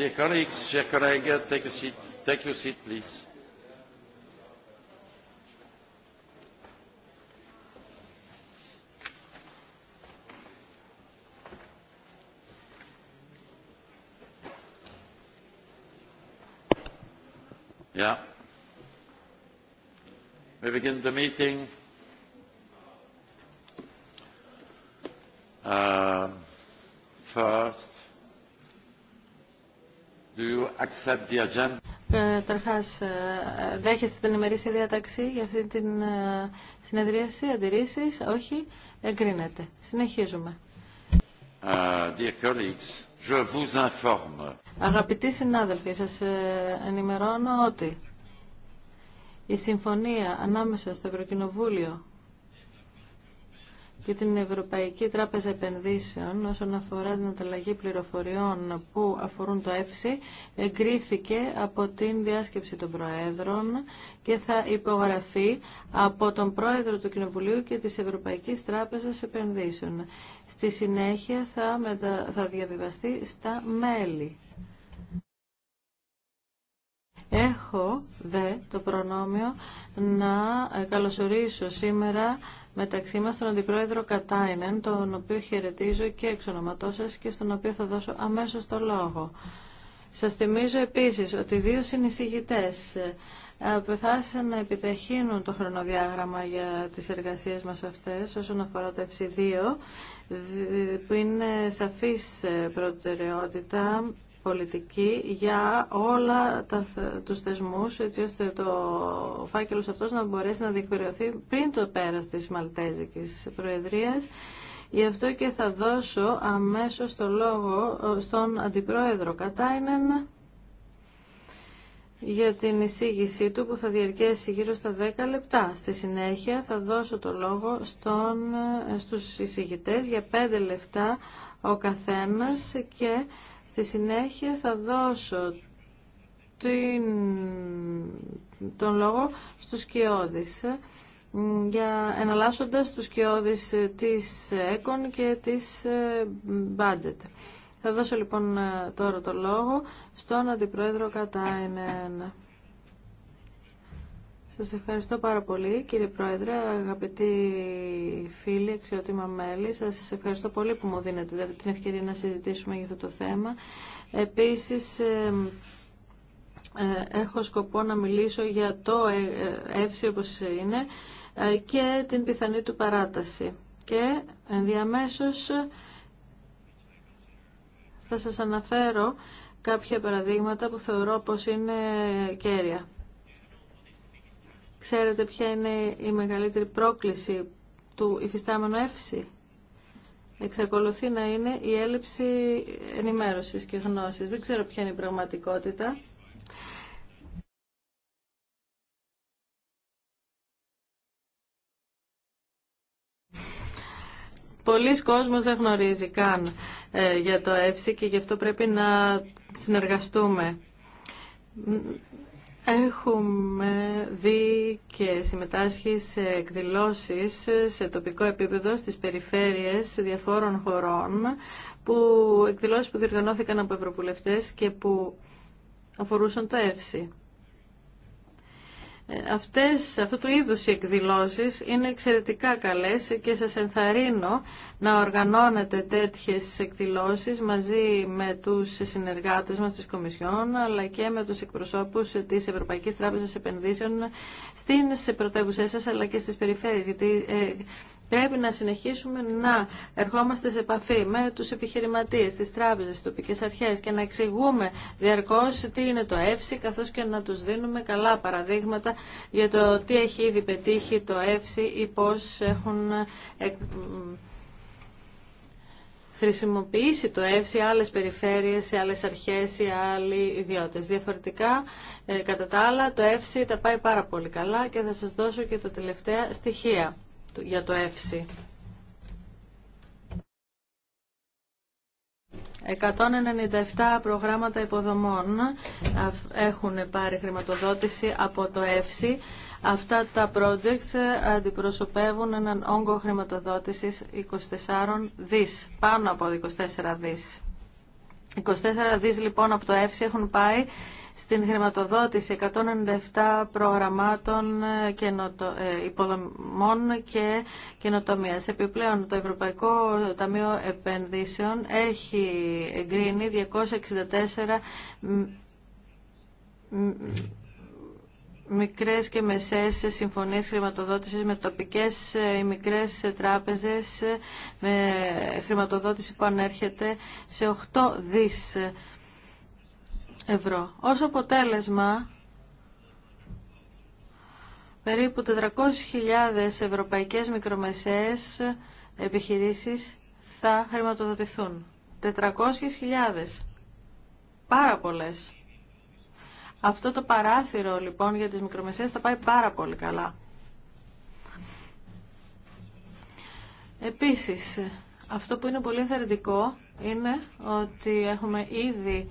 Dear colleagues, chers Colleague, take a seat. Take your seat, please. Yeah. We begin the meeting. Ε, δέχεστε την ημερήσια διάταξη για αυτή την ε, συνεδρίαση, αντιρρήσει, όχι, εγκρίνεται. Συνεχίζουμε. Ε, Αγαπητοί συνάδελφοι, σας ενημερώνω ότι η συμφωνία ανάμεσα στο Ευρωκοινοβούλιο και την Ευρωπαϊκή Τράπεζα Επενδύσεων όσον αφορά την ανταλλαγή πληροφοριών που αφορούν το ΕΦΣΥ εγκρίθηκε από την διάσκεψη των Προέδρων και θα υπογραφεί από τον Πρόεδρο του Κοινοβουλίου και της Ευρωπαϊκής Τράπεζας Επενδύσεων. Στη συνέχεια θα, μετα... θα διαβιβαστεί στα μέλη. Έχω δε το προνόμιο να ε, καλωσορίσω σήμερα μεταξύ μας τον Αντιπρόεδρο Κατάινεν, τον οποίο χαιρετίζω και εξ σας και στον οποίο θα δώσω αμέσως το λόγο. Σας θυμίζω επίσης ότι δύο συνεισηγητές ε, αποφάσισαν να επιταχύνουν το χρονοδιάγραμμα για τις εργασίες μας αυτές όσον αφορά το FC2 που είναι σαφής ε, προτεραιότητα πολιτική για όλα τα, τους θεσμούς έτσι ώστε το φάκελος αυτός να μπορέσει να διεκπαιρεωθεί πριν το πέρας της Μαλτέζικης Προεδρίας. Γι' αυτό και θα δώσω αμέσως το λόγο ε, στον Αντιπρόεδρο Κατάινεν για την εισήγησή του που θα διαρκέσει γύρω στα 10 λεπτά. Στη συνέχεια θα δώσω το λόγο στον, ε, στους εισηγητές για 5 λεπτά ο καθένας και στη συνέχεια θα δώσω την, τον λόγο στους κοιόδης ε, για εναλλάσσοντας τους τη ε, της ΕΚΟΝ και της Budget. Θα δώσω λοιπόν ε, τώρα το λόγο στον Αντιπρόεδρο Κατάινεν. Σας ευχαριστώ πάρα πολύ κύριε Πρόεδρε, αγαπητοί φίλοι, αξιότιμα μέλη. Σας ευχαριστώ πολύ που μου δίνετε την ευκαιρία να συζητήσουμε για αυτό το θέμα. Επίσης, ε, έχω σκοπό να μιλήσω για το ε, εύση όπως είναι και την πιθανή του παράταση. Και ενδιαμέσως θα σας αναφέρω κάποια παραδείγματα που θεωρώ πως είναι κέρια. Ξέρετε ποια είναι η μεγαλύτερη πρόκληση του υφιστάμενου εύση. Εξακολουθεί να είναι η έλλειψη ενημέρωσης και γνώσης. Δεν ξέρω ποια είναι η πραγματικότητα. Πολλοί κόσμος δεν γνωρίζει καν ε, για το ΕΦΣΙ και γι' αυτό πρέπει να συνεργαστούμε. Έχουμε δει και συμμετάσχει σε εκδηλώσεις σε τοπικό επίπεδο στις περιφέρειες διαφόρων χωρών που εκδηλώσεις που διοργανώθηκαν από ευρωβουλευτές και που αφορούσαν το ΕΦΣΙ. Ε, αυτές, αυτού του είδους οι εκδηλώσεις είναι εξαιρετικά καλές και σας ενθαρρύνω να οργανώνετε τέτοιες εκδηλώσεις μαζί με τους συνεργάτες μας της Κομισιόν αλλά και με τους εκπροσώπους της Ευρωπαϊκής Τράπεζας Επενδύσεων στις πρωτεύουσές σας αλλά και στις περιφέρειες γιατί ε, Πρέπει να συνεχίσουμε να ερχόμαστε σε επαφή με τους επιχειρηματίες, τις τράπεζες, τις τοπικέ αρχές και να εξηγούμε διαρκώ τι είναι το ΕΦΣΙ καθώς και να του δίνουμε καλά παραδείγματα για το τι έχει ήδη πετύχει το ΕΦΣΙ ή πώς έχουν ε, χρησιμοποιήσει το ΕΦΣΙ άλλε περιφέρειε, περιφέρειες, σε άλλες αρχές ή άλλοι ιδιώτε. Διαφορετικά, ε, κατά τα άλλα, το ΕΦΣΥ τα πάει πάρα πολύ καλά και θα σα δώσω και τα τελευταία στοιχεία για το ΕΦΣΙ. 197 προγράμματα υποδομών έχουν πάρει χρηματοδότηση από το ΕΦΣΥ. Αυτά τα projects αντιπροσωπεύουν έναν όγκο χρηματοδότησης 24 δις, πάνω από 24 δις. 24 δις λοιπόν από το ΕΦΣΥ έχουν πάει στην χρηματοδότηση 197 προγραμμάτων ε, ε, υποδομών και καινοτομία. Επιπλέον, το Ευρωπαϊκό Ταμείο Επενδύσεων έχει εγκρίνει 264 μικρές και μεσές συμφωνίες χρηματοδότησης με τοπικές ε, ή μικρές τράπεζες με χρηματοδότηση που ανέρχεται σε 8 δις ευρώ. Ως αποτέλεσμα, περίπου 400.000 ευρωπαϊκές μικρομεσαίες επιχειρήσεις θα χρηματοδοτηθούν. 400.000. Πάρα πολλές. Αυτό το παράθυρο λοιπόν για τις μικρομεσαίες θα πάει πάρα πολύ καλά. Επίσης, αυτό που είναι πολύ ενθαρρυντικό είναι ότι έχουμε ήδη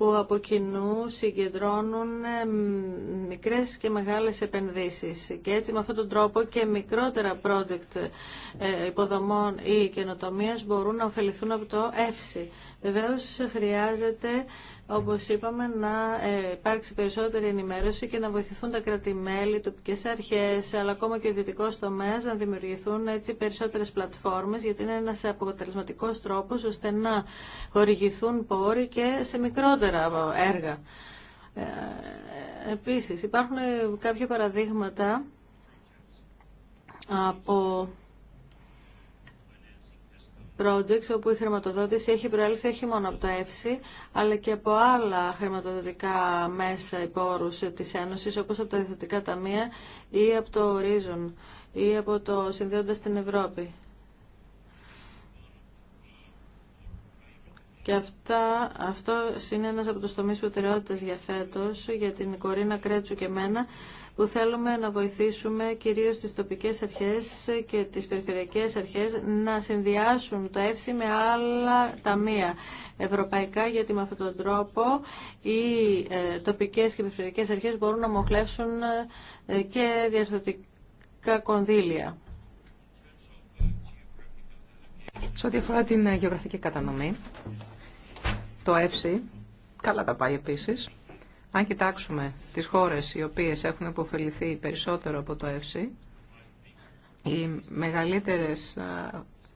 που από κοινού συγκεντρώνουν μικρές και μεγάλες επενδύσεις. Και έτσι με αυτόν τον τρόπο και μικρότερα project ε, υποδομών ή καινοτομίας μπορούν να ωφεληθούν από το ΕΦΣΥ. Βεβαίως χρειάζεται όπως είπαμε, να ε, υπάρξει περισσότερη ενημέρωση και να βοηθηθούν τα κρατημέλη, τοπικές αρχές, αλλά ακόμα και ο ιδιωτικό τομέα να δημιουργηθούν έτσι περισσότερες πλατφόρμες, γιατί είναι ένας αποτελεσματικός τρόπος ώστε να χορηγηθούν πόροι και σε μικρότερα έργα. Ε, επίσης, υπάρχουν κάποια παραδείγματα από projects όπου η χρηματοδότηση έχει προέλθει όχι μόνο από το ΕΦΣΥ αλλά και από άλλα χρηματοδοτικά μέσα υπόρους της Ένωσης όπως από τα Διεθνωτικά Ταμεία ή από το Horizon ή από το Συνδέοντα στην Ευρώπη. Και αυτά, αυτό είναι ένας από τους τομείς προτεραιότητας για φέτος, για την Κορίνα Κρέτσου και μένα, που θέλουμε να βοηθήσουμε κυρίως τις τοπικές αρχές και τις περιφερειακές αρχές να συνδυάσουν το ΕΦΣΙ με άλλα ταμεία ευρωπαϊκά, γιατί με αυτόν τον τρόπο οι ε, τοπικές και περιφερειακές αρχές μπορούν να μοχλεύσουν ε, και διαρθωτικά κονδύλια. Σε ό,τι αφορά την γεωγραφική κατανομή, το ΕΦΣΙ καλά τα πάει επίσης. Αν κοιτάξουμε τις χώρες οι οποίες έχουν υποφεληθεί περισσότερο από το ΕΦΣΥ, οι, μεγαλύτερες,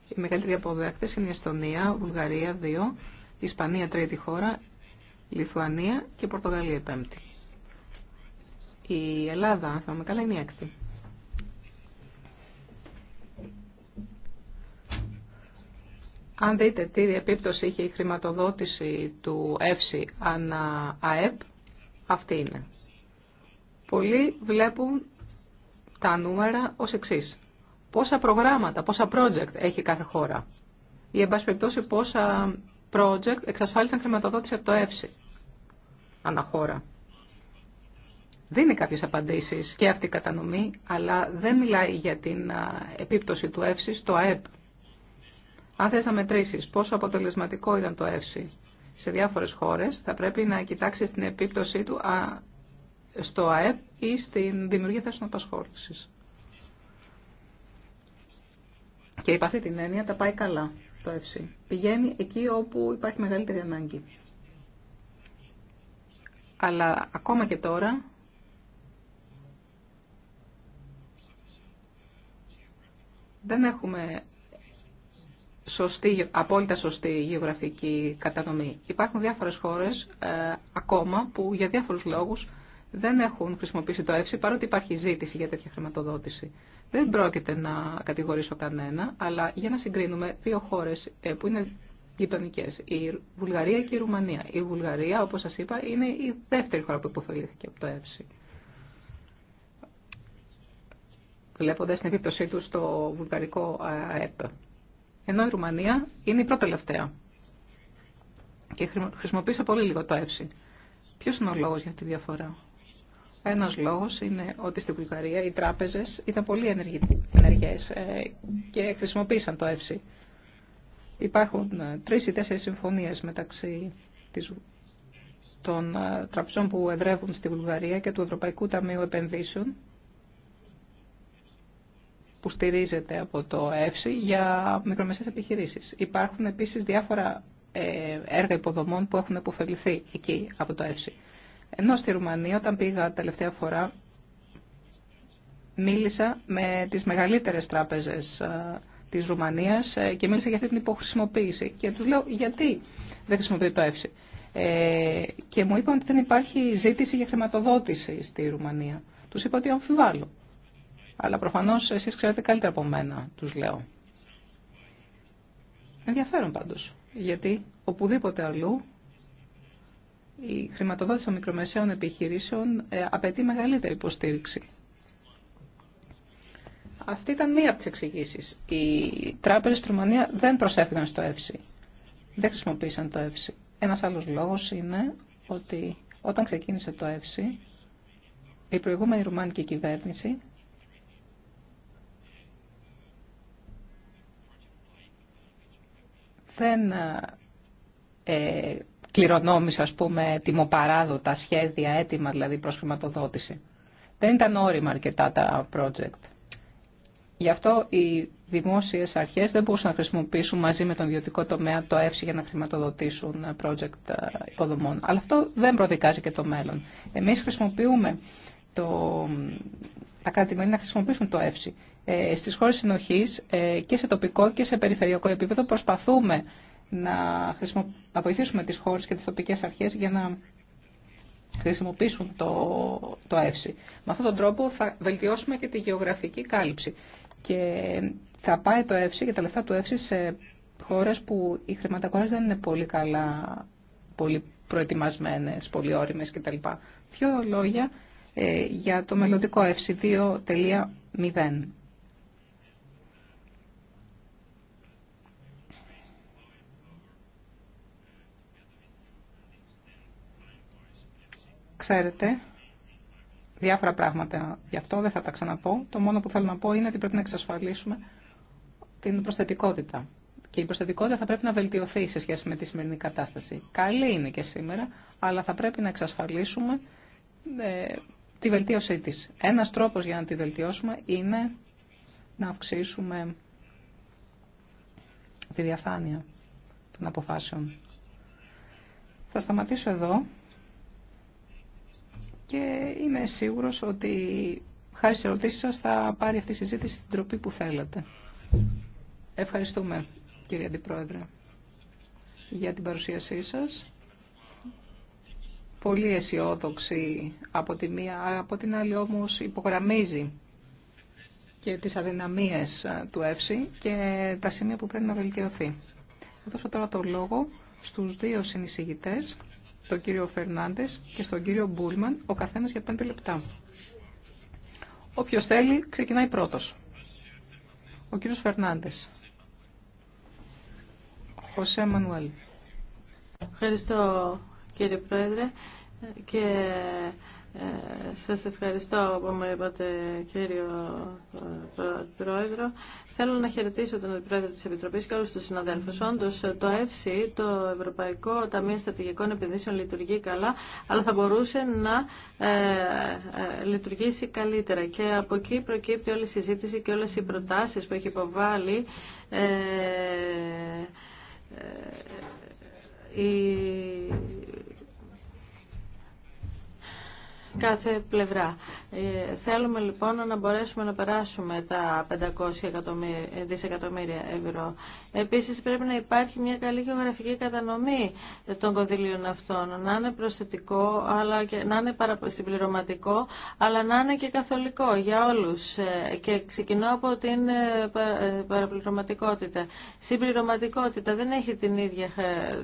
οι μεγαλύτεροι αποδέκτες είναι η Εστονία, Βουλγαρία 2, Ισπανία τρίτη χώρα, Λιθουανία και Πορτογαλία πέμπτη. Η Ελλάδα, αν θυμάμαι καλά, είναι η έκτη. Αν δείτε τι επίπτωση είχε η χρηματοδότηση του ΕΦΣΥ ανά ΑΕΠ, αυτή είναι. Πολλοί βλέπουν τα νούμερα ως εξή. Πόσα προγράμματα, πόσα project έχει κάθε χώρα. Ή, εν πάση περιπτώσει, πόσα project εξασφάλισαν χρηματοδότηση από το ΕΦΣΙ αναχώρα. Δίνει κάποιες απαντήσεις και αυτή η κατανομή, αλλά δεν μιλάει για την επίπτωση του ΕΦΣΙ στο ΑΕΠ. Αν θες να μετρήσεις πόσο αποτελεσματικό ήταν το ΕΦΣΙ σε διάφορες χώρες θα πρέπει να κοιτάξει την επίπτωσή του στο ΑΕΠ ή στην δημιουργία θέσεων απασχόλησης. Και υπάρχει την έννοια τα πάει καλά το ΕΦΣΥ. Πηγαίνει εκεί όπου υπάρχει μεγαλύτερη ανάγκη. Αλλά ακόμα και τώρα δεν έχουμε σωστή, απόλυτα σωστή γεωγραφική κατανομή. Υπάρχουν διάφορες χώρες ε, ακόμα που για διάφορους λόγους δεν έχουν χρησιμοποιήσει το ΕΦΣΥ παρότι υπάρχει ζήτηση για τέτοια χρηματοδότηση. Δεν πρόκειται να κατηγορήσω κανένα, αλλά για να συγκρίνουμε δύο χώρες ε, που είναι γειτονικέ, η Βουλγαρία και η Ρουμανία. Η Βουλγαρία, όπως σας είπα, είναι η δεύτερη χώρα που υποφελήθηκε από το ΕΦΣΥ. Βλέποντα την επίπτωσή του στο βουλγαρικό ε, ΑΕΠ ενώ η Ρουμανία είναι η πρώτη τελευταία. Και χρησιμοποίησα πολύ λίγο το έψι. Ποιο είναι ο λόγο για αυτή τη διαφορά. Ένα λόγο είναι ότι στην Βουλγαρία οι τράπεζε ήταν πολύ ενεργέ ε, και χρησιμοποίησαν το έψι. Υπάρχουν ε, τρει ή τέσσερι συμφωνίε μεταξύ των ε, τραπεζών που εδρεύουν στη Βουλγαρία και του Ευρωπαϊκού Ταμείου Επενδύσεων που στηρίζεται από το ΕΦΣΥ για μικρομεσαίες επιχειρήσεις. Υπάρχουν επίσης διάφορα ε, έργα υποδομών που έχουν υποφεληθεί εκεί από το ΕΦΣΥ. Ενώ στη Ρουμανία όταν πήγα τελευταία φορά μίλησα με τις μεγαλύτερες τράπεζες ε, της Ρουμανίας ε, και μίλησα για αυτή την υποχρησιμοποίηση και τους λέω γιατί δεν χρησιμοποιεί το ΕΦΣΥ. και μου είπαν ότι δεν υπάρχει ζήτηση για χρηματοδότηση στη Ρουμανία. Τους είπα ότι αμφιβάλλω. Αλλά προφανώ εσείς ξέρετε καλύτερα από μένα, τους λέω. Ενδιαφέρον πάντως, γιατί οπουδήποτε αλλού η χρηματοδότηση των μικρομεσαίων επιχειρήσεων ε, απαιτεί μεγαλύτερη υποστήριξη. Αυτή ήταν μία από τι εξηγήσει. Οι τράπεζε στη Ρουμανία δεν προσέφηκαν στο ΕΦΣΥ. Δεν χρησιμοποίησαν το ΕΦΣΥ. Ένα άλλο λόγο είναι ότι όταν ξεκίνησε το ΕΦΣΥ, η προηγούμενη ρουμάνικη κυβέρνηση δεν ε, κληρονόμησε, ας πούμε, τιμοπαράδοτα σχέδια, έτοιμα δηλαδή προς χρηματοδότηση. Δεν ήταν όριμα αρκετά τα project. Γι' αυτό οι δημόσιες αρχές δεν μπορούσαν να χρησιμοποιήσουν μαζί με τον ιδιωτικό τομέα το ΕΦΣΙ για να χρηματοδοτήσουν ε, project ε, υποδομών. Αλλά αυτό δεν προδικάζει και το μέλλον. Εμείς χρησιμοποιούμε το... τα κρατη να χρησιμοποιήσουν το ΕΦΣΙ ε, στις χώρες συνοχής ε, και σε τοπικό και σε περιφερειακό επίπεδο προσπαθούμε να, να βοηθήσουμε τις χώρες και τις τοπικές αρχές για να χρησιμοποιήσουν το, το ΕΦΣΥ. Με αυτόν τον τρόπο θα βελτιώσουμε και τη γεωγραφική κάλυψη και θα πάει το ΕΦΣΥ και τα λεφτά του ΕΦΣΥ σε χώρες που οι χρηματακόρες δεν είναι πολύ καλά, πολύ προετοιμασμένες, πολύ όριμες κτλ. Δύο λόγια ε, για το μελλοντικό ΕΦΣΥ 2.0. ξέρετε διάφορα πράγματα γι' αυτό, δεν θα τα ξαναπώ. Το μόνο που θέλω να πω είναι ότι πρέπει να εξασφαλίσουμε την προσθετικότητα. Και η προσθετικότητα θα πρέπει να βελτιωθεί σε σχέση με τη σημερινή κατάσταση. Καλή είναι και σήμερα, αλλά θα πρέπει να εξασφαλίσουμε ε, τη βελτίωσή της. Ένας τρόπος για να τη βελτιώσουμε είναι να αυξήσουμε τη διαφάνεια των αποφάσεων. Θα σταματήσω εδώ και είμαι σίγουρος ότι χάρη σε ερωτήσεις σας θα πάρει αυτή η συζήτηση την τροπή που θέλετε. Ευχαριστούμε κύριε Αντιπρόεδρε για την παρουσίασή σας. Πολύ αισιόδοξη από τη μία, από την άλλη όμως υπογραμμίζει και τις αδυναμίες του ΕΦΣΥ και τα σημεία που πρέπει να βελτιωθεί. Θα δώσω τώρα το λόγο στους δύο συνεισηγητές τον κύριο Φερνάντε και στον κύριο Μπούλμαν, ο καθένας για πέντε λεπτά. Όποιο θέλει, ξεκινάει πρώτος. Ο κύριος Φερνάντε. Χωσέ Μανουέλ. Ευχαριστώ κύριε Πρόεδρε και ε, σας ευχαριστώ που μου είπατε κύριο ε, Πρόεδρο. Θέλω να χαιρετήσω τον Πρόεδρο της Επιτροπής και όλους τους συναδέλφους. Όντως το ΕΦΣΥ, το Ευρωπαϊκό Ταμείο Στρατηγικών Επενδύσεων λειτουργεί καλά, αλλά θα μπορούσε να ε, ε, λειτουργήσει καλύτερα. Και από εκεί προκύπτει όλη η συζήτηση και όλες οι προτάσεις που έχει υποβάλει η κάθε πλευρά. Ε, θέλουμε λοιπόν να μπορέσουμε να περάσουμε τα 500 ε, δισεκατομμύρια ευρώ. Επίσης πρέπει να υπάρχει μια καλή γεωγραφική κατανομή των κονδυλίων αυτών, να είναι προσθετικό, αλλά και, να είναι συμπληρωματικό, αλλά να είναι και καθολικό για όλους. Ε, και ξεκινώ από την παραπληρωματικότητα. Συμπληρωματικότητα δεν έχει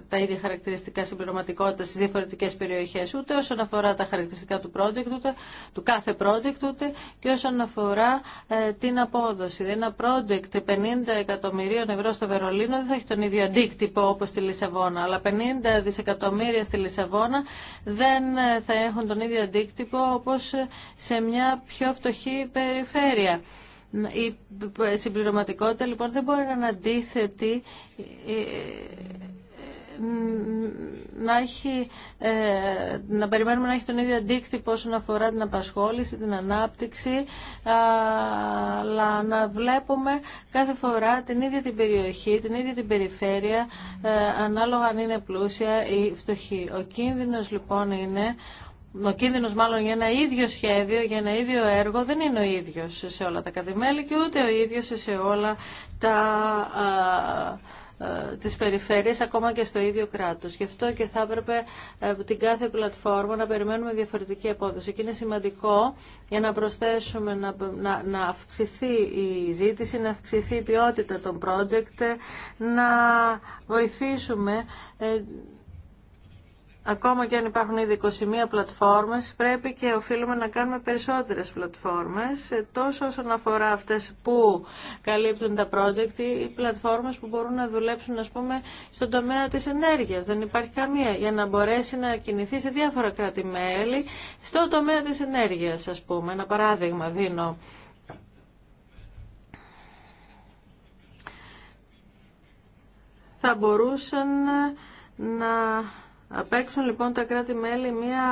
τα ίδια χαρακτηριστικά συμπληρωματικότητα στις διαφορετικές περιοχές, ούτε όσον αφορά τα χαρακτηριστικά του project του κάθε project ούτε και όσον αφορά ε, την απόδοση. Δηλαδή, ένα project 50 εκατομμυρίων ευρώ στο Βερολίνο δεν θα έχει τον ίδιο αντίκτυπο όπως στη Λισαβόνα, αλλά 50 δισεκατομμύρια στη Λισαβόνα δεν ε, θα έχουν τον ίδιο αντίκτυπο όπως σε μια πιο φτωχή περιφέρεια. Η συμπληρωματικότητα λοιπόν δεν μπορεί να είναι αντίθετη ε, να, έχει, ε, να περιμένουμε να έχει τον ίδιο αντίκτυπο όσον αφορά την απασχόληση, την ανάπτυξη, αλλά να βλέπουμε κάθε φορά την ίδια την περιοχή, την ίδια την περιφέρεια, ε, ανάλογα αν είναι πλούσια ή φτωχή. Ο κίνδυνος λοιπόν είναι ο κίνδυνο μάλλον για ένα ίδιο σχέδιο, για ένα ίδιο έργο δεν είναι ο ίδιο σε όλα τα κατημέλη και ούτε ο ίδιο σε όλα τα ε, τις περιφέρειες ακόμα και στο ίδιο κράτος. Γι' αυτό και θα έπρεπε από ε, την κάθε πλατφόρμα να περιμένουμε διαφορετική απόδοση. Και είναι σημαντικό για να προσθέσουμε, να, να, να αυξηθεί η ζήτηση, να αυξηθεί η ποιότητα των project, ε, να βοηθήσουμε Ακόμα και αν υπάρχουν ήδη 21 πλατφόρμες, πρέπει και οφείλουμε να κάνουμε περισσότερες πλατφόρμες, ε, τόσο όσον αφορά αυτές που καλύπτουν τα project ή πλατφόρμες που μπορούν να δουλέψουν, ας πούμε, στον τομέα της ενέργειας. Δεν υπάρχει καμία για να μπορέσει να κινηθεί σε διάφορα κράτη-μέλη στον τομέα της ενέργειας, ας πούμε. Ένα παράδειγμα δίνω. Θα μπορούσαν να Απέξουν λοιπόν τα κράτη-μέλη μια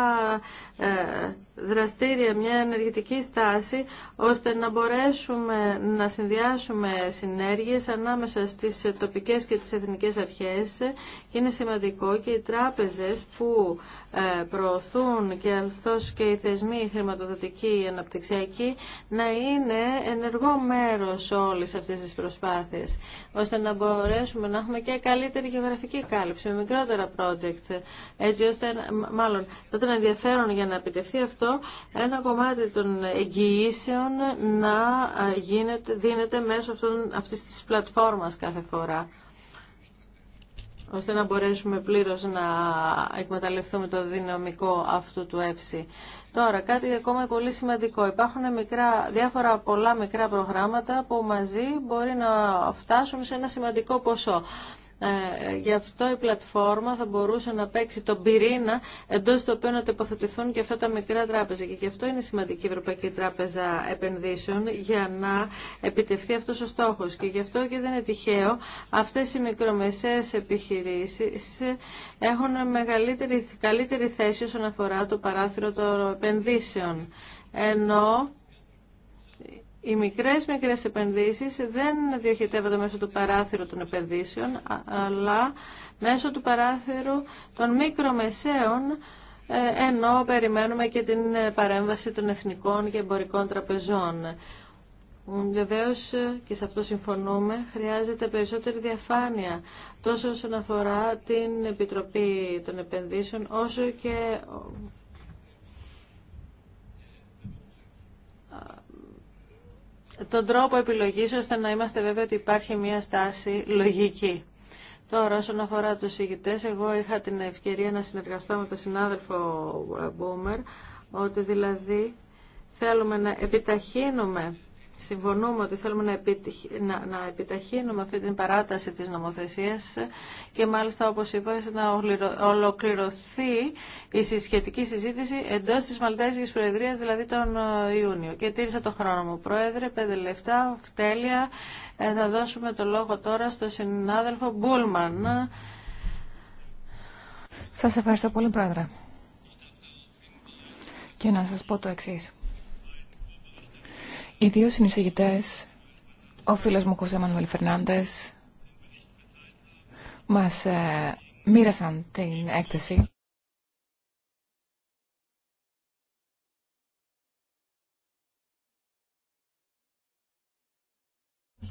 ε, δραστήρια, μια ενεργητική στάση, ώστε να μπορέσουμε να συνδυάσουμε συνέργειες ανάμεσα στις τοπικές και τις εθνικές αρχές και είναι σημαντικό και οι τράπεζες που ε, προωθούν και αλθώς και οι θεσμοί χρηματοδοτικοί ή αναπτυξιακοί να είναι ενεργό μέρος όλης αυτής της προσπάθειας, ώστε να μπορέσουμε να έχουμε και καλύτερη γεωγραφική κάλυψη, με μικρότερα project, έτσι ώστε, μάλλον, τότε ενδιαφέρον για να επιτευχθεί αυτό ένα κομμάτι των εγγυήσεων να ε, γίνεται, δίνεται μέσω αυτών, αυτής της πλατφόρμας κάθε φορά ώστε να μπορέσουμε πλήρως να εκμεταλλευτούμε το δυναμικό αυτού του ΕΦΣΥ. Τώρα, κάτι ακόμα πολύ σημαντικό. Υπάρχουν μικρά, διάφορα πολλά μικρά προγράμματα που μαζί μπορεί να φτάσουν σε ένα σημαντικό ποσό. Ε, γι' αυτό η πλατφόρμα θα μπορούσε να παίξει τον πυρήνα εντό του οποίου να τοποθετηθούν και αυτά τα μικρά τράπεζα. Και γι' αυτό είναι σημαντική η Ευρωπαϊκή Τράπεζα Επενδύσεων για να επιτευχθεί αυτό ο στόχο. Και γι' αυτό και δεν είναι τυχαίο αυτέ οι μικρομεσαίε επιχειρήσει έχουν μεγαλύτερη, καλύτερη θέση όσον αφορά το παράθυρο των επενδύσεων. Ενώ οι μικρές μικρές επενδύσεις δεν διοχετεύονται μέσω του παράθυρου των επενδύσεων, αλλά μέσω του παράθυρου των μικρομεσαίων, ε, ενώ περιμένουμε και την παρέμβαση των εθνικών και εμπορικών τραπεζών. Βεβαίω και σε αυτό συμφωνούμε, χρειάζεται περισσότερη διαφάνεια τόσο όσον αφορά την Επιτροπή των Επενδύσεων όσο και τον τρόπο επιλογής ώστε να είμαστε βέβαιοι ότι υπάρχει μια στάση λογική. Τώρα, όσον αφορά τους ηγητές, εγώ είχα την ευκαιρία να συνεργαστώ με τον συνάδελφο ε, Μπούμερ, ότι δηλαδή θέλουμε να επιταχύνουμε συμφωνούμε ότι θέλουμε να, να, να επιταχύνουμε αυτή την παράταση της νομοθεσίας και μάλιστα όπως είπα να ολοκληρωθεί η συσχετική συζήτηση εντός της Μαλτέζικης Προεδρίας δηλαδή τον ε, Ιούνιο. Και τήρησα το χρόνο μου. Πρόεδρε, πέντε λεφτά, τέλεια. Ε, θα δώσουμε το λόγο τώρα στο συνάδελφο Μπούλμαν. Σας ευχαριστώ πολύ, Πρόεδρε. Και να σας πω το εξής. Οι δύο συνεισηγητές, ο φίλος μου Χωσέ Μανουέλ Φερνάντες, μας ε, μοίρασαν την έκθεση.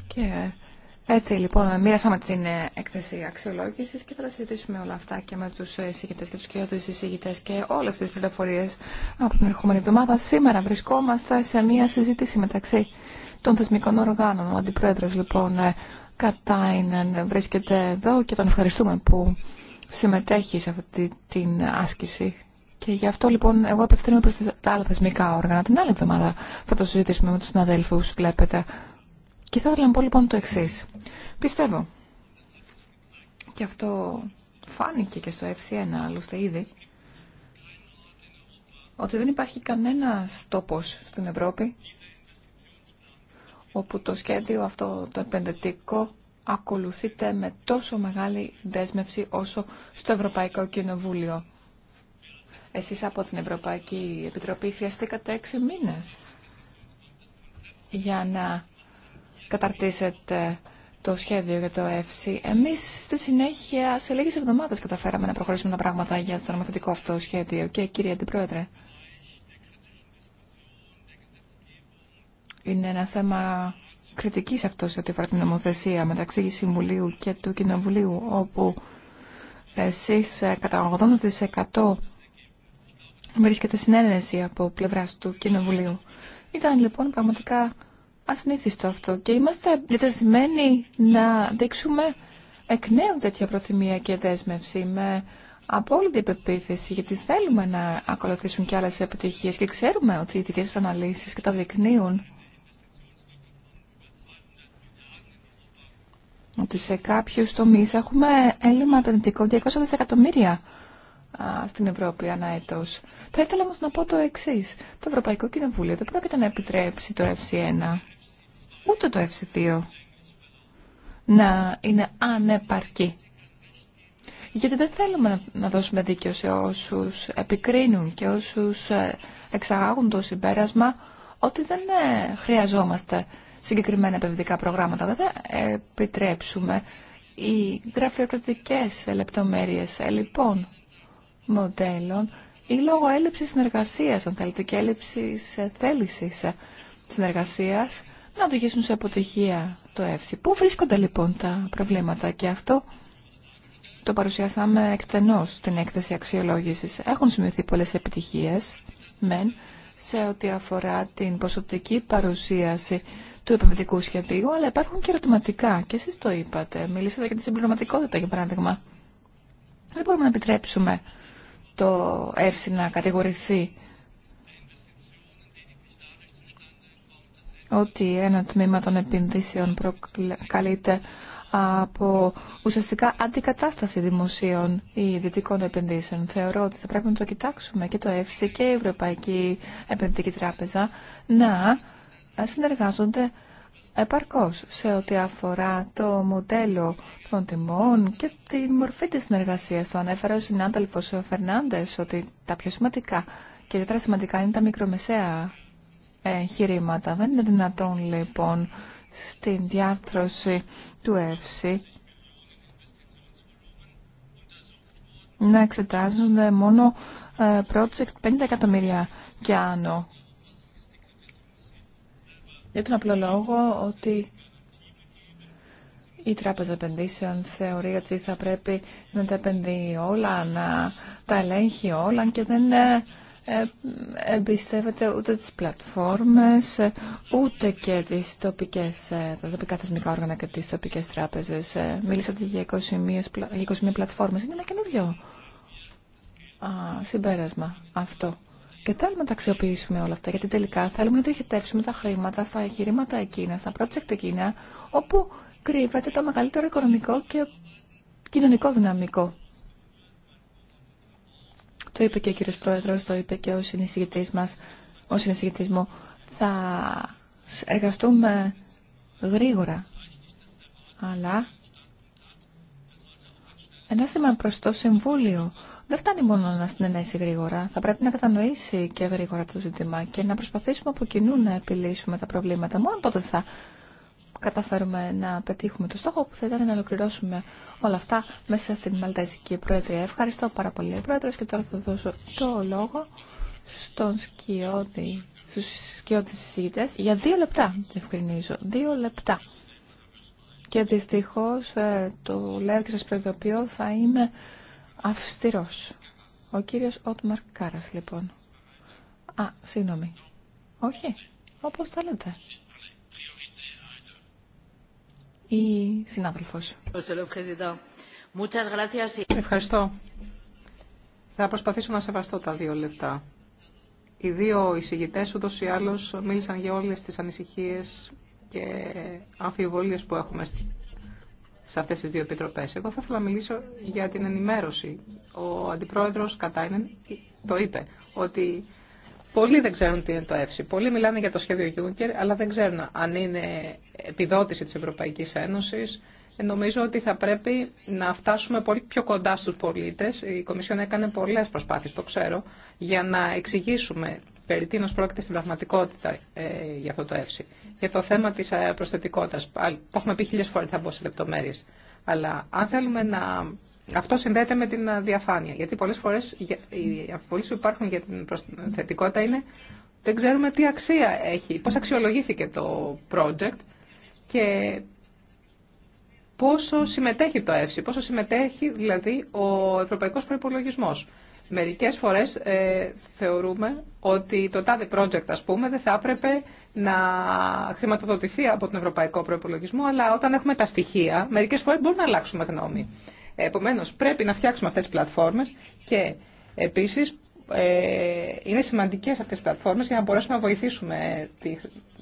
Και έτσι λοιπόν, μοίρασαμε την ε, έκθεση αξιολόγηση και θα τα συζητήσουμε όλα αυτά και με του ε, εισηγητές και του κοιόδους εισηγητές και όλε τι πληροφορίε από την ερχόμενη εβδομάδα. Σήμερα βρισκόμαστε σε μια συζήτηση μεταξύ των θεσμικών οργάνων. Ο αντιπρόεδρο λοιπόν ε, Κατάινεν βρίσκεται εδώ και τον ευχαριστούμε που συμμετέχει σε αυτή την άσκηση. Και γι' αυτό λοιπόν εγώ απευθύνομαι προ τα άλλα θεσμικά όργανα. Την άλλη εβδομάδα θα το συζητήσουμε με του συναδέλφου, βλέπετε. Και θα ήθελα να πω λοιπόν το εξή. Πιστεύω, και αυτό φάνηκε και στο FC1 άλλωστε ήδη, ότι δεν υπάρχει κανένας τόπος στην Ευρώπη όπου το σχέδιο αυτό το επενδυτικό ακολουθείται με τόσο μεγάλη δέσμευση όσο στο Ευρωπαϊκό Κοινοβούλιο. Εσείς από την Ευρωπαϊκή Επιτροπή χρειαστήκατε έξι μήνες για να καταρτήσετε το σχέδιο για το ΕΦΣΥ. Εμεί στη συνέχεια σε λίγες εβδομάδε καταφέραμε να προχωρήσουμε τα πράγματα για το νομοθετικό αυτό σχέδιο. Και κύριε Αντιπρόεδρε, είναι ένα θέμα κριτική αυτό σε ό,τι αφορά την νομοθεσία μεταξύ Συμβουλίου και του Κοινοβουλίου, όπου εσεί ε, κατά 80% βρίσκεται συνένεση από πλευρά του Κοινοβουλίου. Ήταν λοιπόν πραγματικά ασυνήθιστο αυτό και είμαστε διατεθειμένοι να δείξουμε εκ νέου τέτοια προθυμία και δέσμευση με απόλυτη πεποίθηση γιατί θέλουμε να ακολουθήσουν κι άλλες επιτυχίες και ξέρουμε ότι οι δικές και αναλύσεις καταδεικνύουν ότι σε κάποιους τομείς έχουμε έλλειμμα επενδυτικό 200 δισεκατομμύρια στην Ευρώπη ανά ετός. Θα ήθελα όμως να πω το εξής. Το Ευρωπαϊκό Κοινοβούλιο δεν πρόκειται να επιτρέψει το FC1 ούτε το fc να είναι ανεπαρκή. Γιατί δεν θέλουμε να δώσουμε δίκαιο σε όσους επικρίνουν και όσους ε, εξαγάγουν το συμπέρασμα ότι δεν ε, χρειαζόμαστε συγκεκριμένα επενδυτικά προγράμματα. Δεν θα επιτρέψουμε οι γραφειοκρατικές λεπτομέρειες ε, λοιπόν μοντέλων ή λόγω έλλειψης συνεργασίας, αν θέλετε, και έλλειψης θέλησης συνεργασίας να οδηγήσουν σε αποτυχία το ΕΦΣΥ. Πού βρίσκονται λοιπόν τα προβλήματα και αυτό το παρουσιάσαμε εκτενώς στην έκθεση αξιολόγησης. Έχουν σημειωθεί πολλές επιτυχίες, μεν, σε ό,τι αφορά την ποσοτική παρουσίαση του επενδυτικού σχεδίου, αλλά υπάρχουν και ερωτηματικά. Και εσείς το είπατε. Μιλήσατε για την συμπληρωματικότητα, για παράδειγμα. Δεν μπορούμε να επιτρέψουμε το ΕΦΣΙ να κατηγορηθεί ότι ένα τμήμα των επενδύσεων προκαλείται από ουσιαστικά αντικατάσταση δημοσίων ή ιδιωτικών επενδύσεων. Θεωρώ ότι θα πρέπει να το κοιτάξουμε και το ΕΦΣΙ και η Ευρωπαϊκή Επενδυτική Τράπεζα να συνεργάζονται επαρκώς σε ό,τι αφορά το μοντέλο των τιμών και τη μορφή της συνεργασίας. Το ανέφερε ο συνάδελφος Φερνάντες ότι τα πιο σημαντικά και ιδιαίτερα σημαντικά είναι τα μικρομεσαία εγχειρήματα. Δεν είναι δυνατόν λοιπόν στην διάρθρωση του ΕΦΣΥ να εξετάζουν μόνο ε, project 50 εκατομμύρια και άνω. Για τον απλό λόγο ότι η Τράπεζα Επενδύσεων θεωρεί ότι θα πρέπει να τα επενδύει όλα, να τα ελέγχει όλα και δεν ε, ε, εμπιστεύεται ούτε τις πλατφόρμες, ε, ούτε και τις τοπικές, ε, τα τοπικά θεσμικά όργανα και τις τοπικές τράπεζες. Μίλησατε για 21, για πλατφόρμες. Είναι ένα καινούριο Α, συμπέρασμα αυτό. Και θέλουμε να τα αξιοποιήσουμε όλα αυτά, γιατί τελικά θέλουμε να διοχετεύσουμε τα χρήματα στα εγχειρήματα εκείνα, στα project εκείνα, όπου κρύβεται το μεγαλύτερο οικονομικό και κοινωνικό δυναμικό το είπε και ο κύριος Πρόεδρος, το είπε και ο συνεισηγητής μας, ο συνεισηγητής μου. Θα εργαστούμε γρήγορα, αλλά ένα σήμα προς το Συμβούλιο. Δεν φτάνει μόνο να συνενέσει γρήγορα. Θα πρέπει να κατανοήσει και γρήγορα το ζήτημα και να προσπαθήσουμε από κοινού να επιλύσουμε τα προβλήματα. Μόνο τότε θα καταφέρουμε να πετύχουμε το στόχο που θα ήταν να ολοκληρώσουμε όλα αυτά μέσα στην Μαλταϊσική Προεδρία. Ευχαριστώ πάρα πολύ, Πρόεδρος, και τώρα θα δώσω το λόγο στον σκιώδη, στους σκιώδης για δύο λεπτά, ευκρινίζω, δύο λεπτά. Και δυστυχώς, ε, το λέω και σας προειδοποιώ, θα είμαι αυστηρός. Ο κύριος Ότμαρ Κάρας, λοιπόν. Α, συγγνώμη. Όχι, όπως τα λέτε η συνάδελφος. Ευχαριστώ. Θα προσπαθήσω να σεβαστώ τα δύο λεπτά. Οι δύο εισηγητέ ούτω ή άλλω μίλησαν για όλε τι ανησυχίε και αμφιβολίες που έχουμε σε αυτέ τι δύο επιτροπέ. Εγώ θα ήθελα να μιλήσω για την ενημέρωση. Ο αντιπρόεδρο Κατάινεν το είπε ότι Πολλοί δεν ξέρουν τι είναι το ΕΦΣΙ. Πολλοί μιλάνε για το σχέδιο Juncker, αλλά δεν ξέρουν αν είναι επιδότηση της Ευρωπαϊκής Ένωσης. Νομίζω ότι θα πρέπει να φτάσουμε πολύ πιο κοντά στους πολίτες. Η Κομισιόν έκανε πολλές προσπάθειες, το ξέρω, για να εξηγήσουμε περί τίνος πρόκειται στην πραγματικότητα ε, για αυτό το ΕΦΣΙ. Για το θέμα της ε, προσθετικότητας, το έχουμε πει χίλιες φορές, θα μπω σε λεπτομέρειες. Αλλά αν θέλουμε να αυτό συνδέεται με την ε, διαφάνεια. Γιατί πολλέ φορέ οι αμφιβολίε που υπάρχουν για την θετικότητα είναι δεν ξέρουμε τι αξία έχει, πώς αξιολογήθηκε το project και πόσο συμμετέχει το ΕΦΣΙ, πόσο συμμετέχει δηλαδή ο ευρωπαϊκός προϋπολογισμός. Μερικές φορές ε, θεωρούμε ότι το τάδε project, ας πούμε, δεν θα έπρεπε να χρηματοδοτηθεί από τον ευρωπαϊκό προϋπολογισμό, αλλά όταν έχουμε τα στοιχεία, μερικές φορές μπορούμε να αλλάξουμε γνώμη. Επομένως, πρέπει να φτιάξουμε αυτές τις πλατφόρμες και επίσης ε, είναι σημαντικές αυτές οι πλατφόρμες για να μπορέσουμε να βοηθήσουμε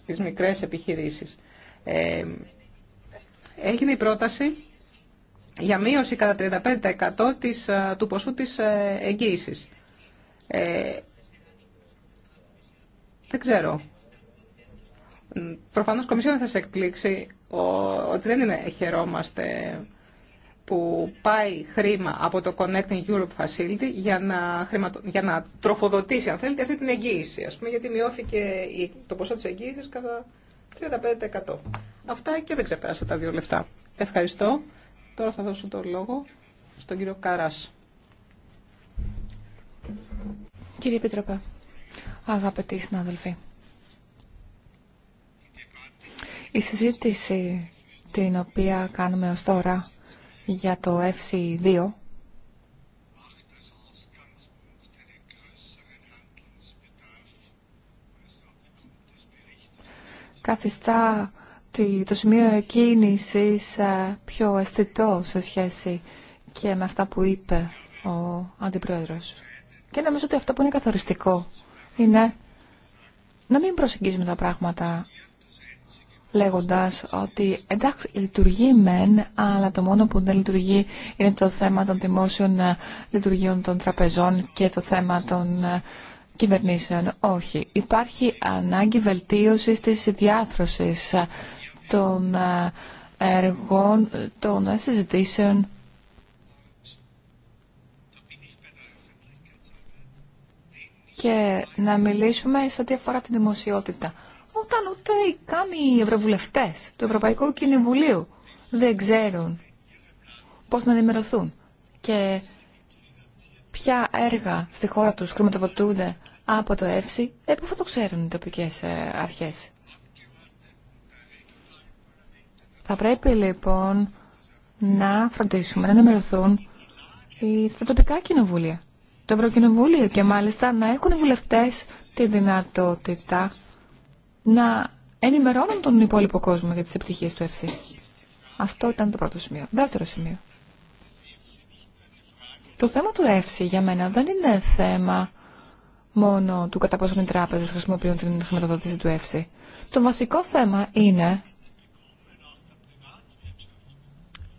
τις μικρές επιχειρήσεις. Ε, έγινε η πρόταση για μείωση κατά 35% ε, του ποσού της εγγύηση. Ε, δεν ξέρω. Προφανώς η Κομισιόν θα σε εκπλήξει ότι δεν είναι, χαιρόμαστε που πάει χρήμα από το Connecting Europe Facility για να, χρηματο... για να τροφοδοτήσει, αν θέλετε, αυτή την εγγύηση, ας πούμε, γιατί μειώθηκε το ποσό της εγγύησης κατά 35%. Αυτά και δεν ξεπέρασα τα δύο λεφτά. Ευχαριστώ. Τώρα θα δώσω το λόγο στον κύριο Καράς. Κύριε Επιτροπέ, αγαπητοί συνάδελφοι, η συζήτηση την οποία κάνουμε ως τώρα για το FC2 καθιστά το σημείο εκκίνησης ε, πιο αισθητό σε σχέση και με αυτά που είπε ο Αντιπρόεδρος. Και νομίζω ότι αυτό που είναι καθοριστικό είναι να μην προσεγγίζουμε τα πράγματα λέγοντας ότι εντάξει λειτουργεί μεν, αλλά το μόνο που δεν λειτουργεί είναι το θέμα των δημόσιων ε, λειτουργίων των τραπεζών και το θέμα των ε, κυβερνήσεων. Όχι. Υπάρχει ανάγκη βελτίωσης της διάθρωσης ε, των εργών, των συζητήσεων και να μιλήσουμε σε ό,τι αφορά τη δημοσιότητα όταν ούτε οι οι ευρωβουλευτές του Ευρωπαϊκού Κοινοβουλίου δεν ξέρουν πώς να ενημερωθούν και ποια έργα στη χώρα τους χρηματοδοτούνται από το ΕΦΣΥ, ε, πού το ξέρουν οι τοπικές ε, αρχές. Θα πρέπει λοιπόν να φροντίσουμε να ενημερωθούν τα τοπικά κοινοβούλια, το Ευρωκοινοβούλιο και μάλιστα να έχουν οι βουλευτές τη δυνατότητα να ενημερώνουν τον υπόλοιπο κόσμο για τις επιτυχίες του FC. Αυτό ήταν το πρώτο σημείο. Δεύτερο σημείο. Το θέμα του ΕΦΣΙ για μένα δεν είναι θέμα μόνο του κατά πόσο οι τράπεζες χρησιμοποιούν την χρηματοδότηση του ΕΦΣΙ. Το βασικό θέμα είναι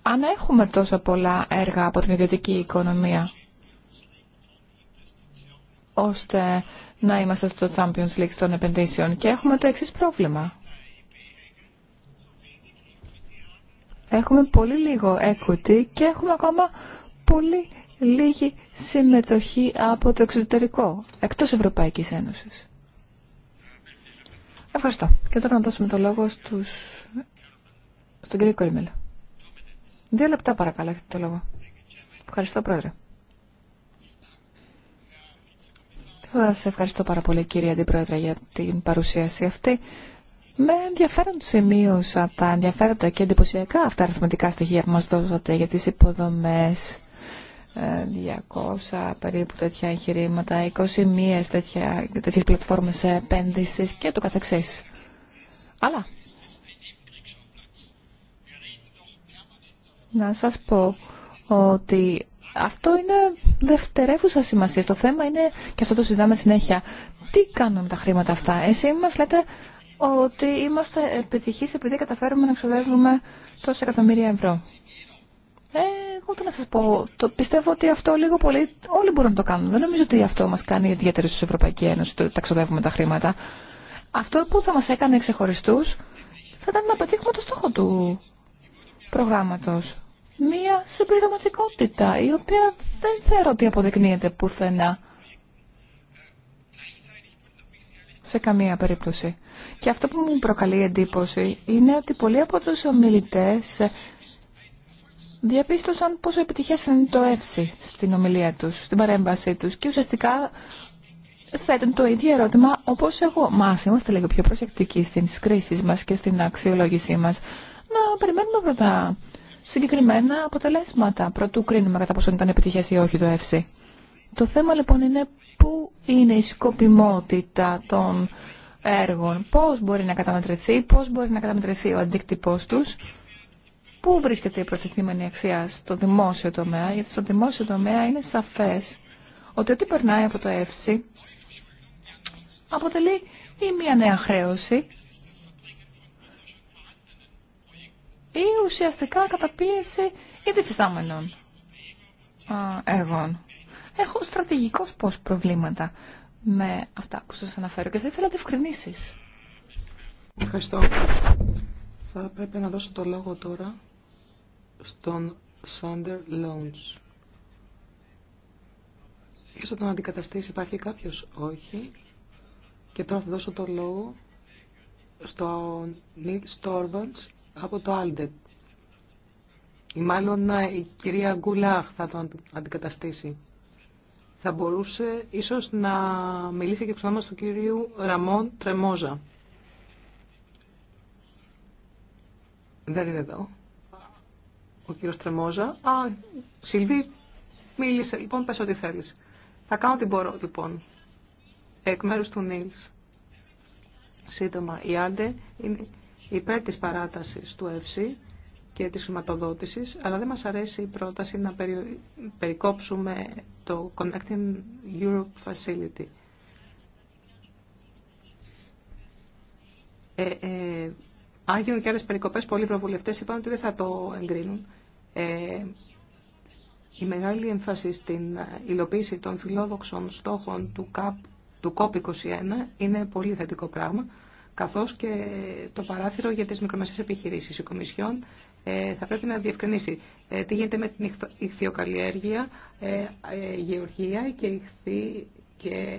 αν έχουμε τόσα πολλά έργα από την ιδιωτική οικονομία ώστε να είμαστε στο Champions League των επενδύσεων και έχουμε το εξής πρόβλημα. Έχουμε πολύ λίγο equity και έχουμε ακόμα πολύ λίγη συμμετοχή από το εξωτερικό, εκτός Ευρωπαϊκής Ένωσης. Ευχαριστώ. Και τώρα να δώσουμε το λόγο στους... στον κύριο Κορυμέλα. Δύο λεπτά παρακαλώ έχετε το λόγο. Ευχαριστώ πρόεδρε. Σας ευχαριστώ πάρα πολύ κύριε Αντιπρόεδρε για την παρουσίαση αυτή. Με ενδιαφέρον σημείωσα τα ενδιαφέροντα και εντυπωσιακά αυτά αριθμητικά στοιχεία που μας δώσατε για τις υποδομές. 200 ε, περίπου τέτοια εγχειρήματα, 21 τέτοια, τέτοιες πλατφόρμες επένδυσης και το καθεξής. Αλλά να σας πω ότι αυτό είναι δευτερεύουσα σημασία. Το θέμα είναι, και αυτό το συζητάμε συνέχεια, τι κάνουμε τα χρήματα αυτά. Εσύ μας λέτε ότι είμαστε επιτυχείς επειδή καταφέρουμε να ξοδεύουμε τόσα εκατομμύρια ευρώ. Ε, εγώ το να σας πω, το πιστεύω ότι αυτό λίγο πολύ όλοι μπορούν να το κάνουν. Δεν νομίζω ότι αυτό μας κάνει ιδιαίτερη στους Ευρωπαϊκή Ένωση, το τα ξοδεύουμε τα χρήματα. Αυτό που θα μας έκανε ξεχωριστούς θα ήταν να πετύχουμε το στόχο του προγράμματος μία συμπληρωματικότητα, η οποία δεν θεωρώ ότι αποδεικνύεται πουθενά σε καμία περίπτωση. Και αυτό που μου προκαλεί εντύπωση είναι ότι πολλοί από τους ομιλητές διαπίστωσαν πόσο επιτυχές είναι το εύση στην ομιλία τους, στην παρέμβασή τους και ουσιαστικά θέτουν το ίδιο ερώτημα όπως εγώ. Μα είμαστε λίγο πιο προσεκτικοί στις κρίσεις μας και στην αξιολόγησή μας. Να περιμένουμε πρώτα συγκεκριμένα αποτελέσματα, πρωτού κρίνουμε κατά πόσο ήταν επιτυχές ή όχι το ΕΦΣΥ. Το θέμα λοιπόν είναι πού είναι η σκοπιμότητα των έργων, πώς μπορεί να καταμετρηθεί, πώς μπορεί να καταμετρηθεί ο αντίκτυπός τους, πού βρίσκεται η προτιθήμενη αξία στο δημόσιο τομέα, γιατί στο δημόσιο τομέα είναι σαφές ότι ό,τι περνάει από το ΕΦΣΥ αποτελεί ή μία νέα χρέωση ή ουσιαστικά καταπίεση ήδη φυστάμενων έργων. Έχω στρατηγικό πώς προβλήματα με αυτά που σας αναφέρω και θα ήθελα διευκρινήσεις. Ευχαριστώ. Θα πρέπει να δώσω το λόγο τώρα στον Σάντερ Λόντς. Και θα τον αντικαταστήσει υπάρχει κάποιος. Όχι. Και τώρα θα δώσω το λόγο στον Νίλ Στόρβαντς από το Άλντε. Ή μάλλον ε, η κυρία Γκουλάχ θα τον αντικαταστήσει. Θα μπορούσε ίσως να μιλήσει και εξ ονόμας του κυρίου Ραμόν Τρεμόζα. Δεν είναι εδώ. Ο κύριος Τρεμόζα. Α, Σιλβί, μίλησε. Λοιπόν, πες ό,τι θέλεις. Θα κάνω ό,τι μπορώ, λοιπόν. Εκ μέρους του Νίλς. Σύντομα, η Άντε είναι υπέρ της παράτασης του ΕΦΣΥ και της χρηματοδότησης, αλλά δεν μας αρέσει η πρόταση να περικόψουμε το Connecting Europe Facility. Ε, ε, αν γίνουν και άλλες περικοπές, πολλοί προβουλευτές είπαν ότι δεν θα το εγκρίνουν. Ε, η μεγάλη έμφαση στην υλοποίηση των φιλόδοξων στόχων του, ΚΑΠ, του COP21 είναι πολύ θετικό πράγμα καθώς και το παράθυρο για τις μικρομεσαίες επιχειρήσεις. Η Κομισιόν ε, θα πρέπει να διευκρινίσει ε, τι γίνεται με την ηχθειοκαλλιέργεια, ε, γεωργία και ηχθή και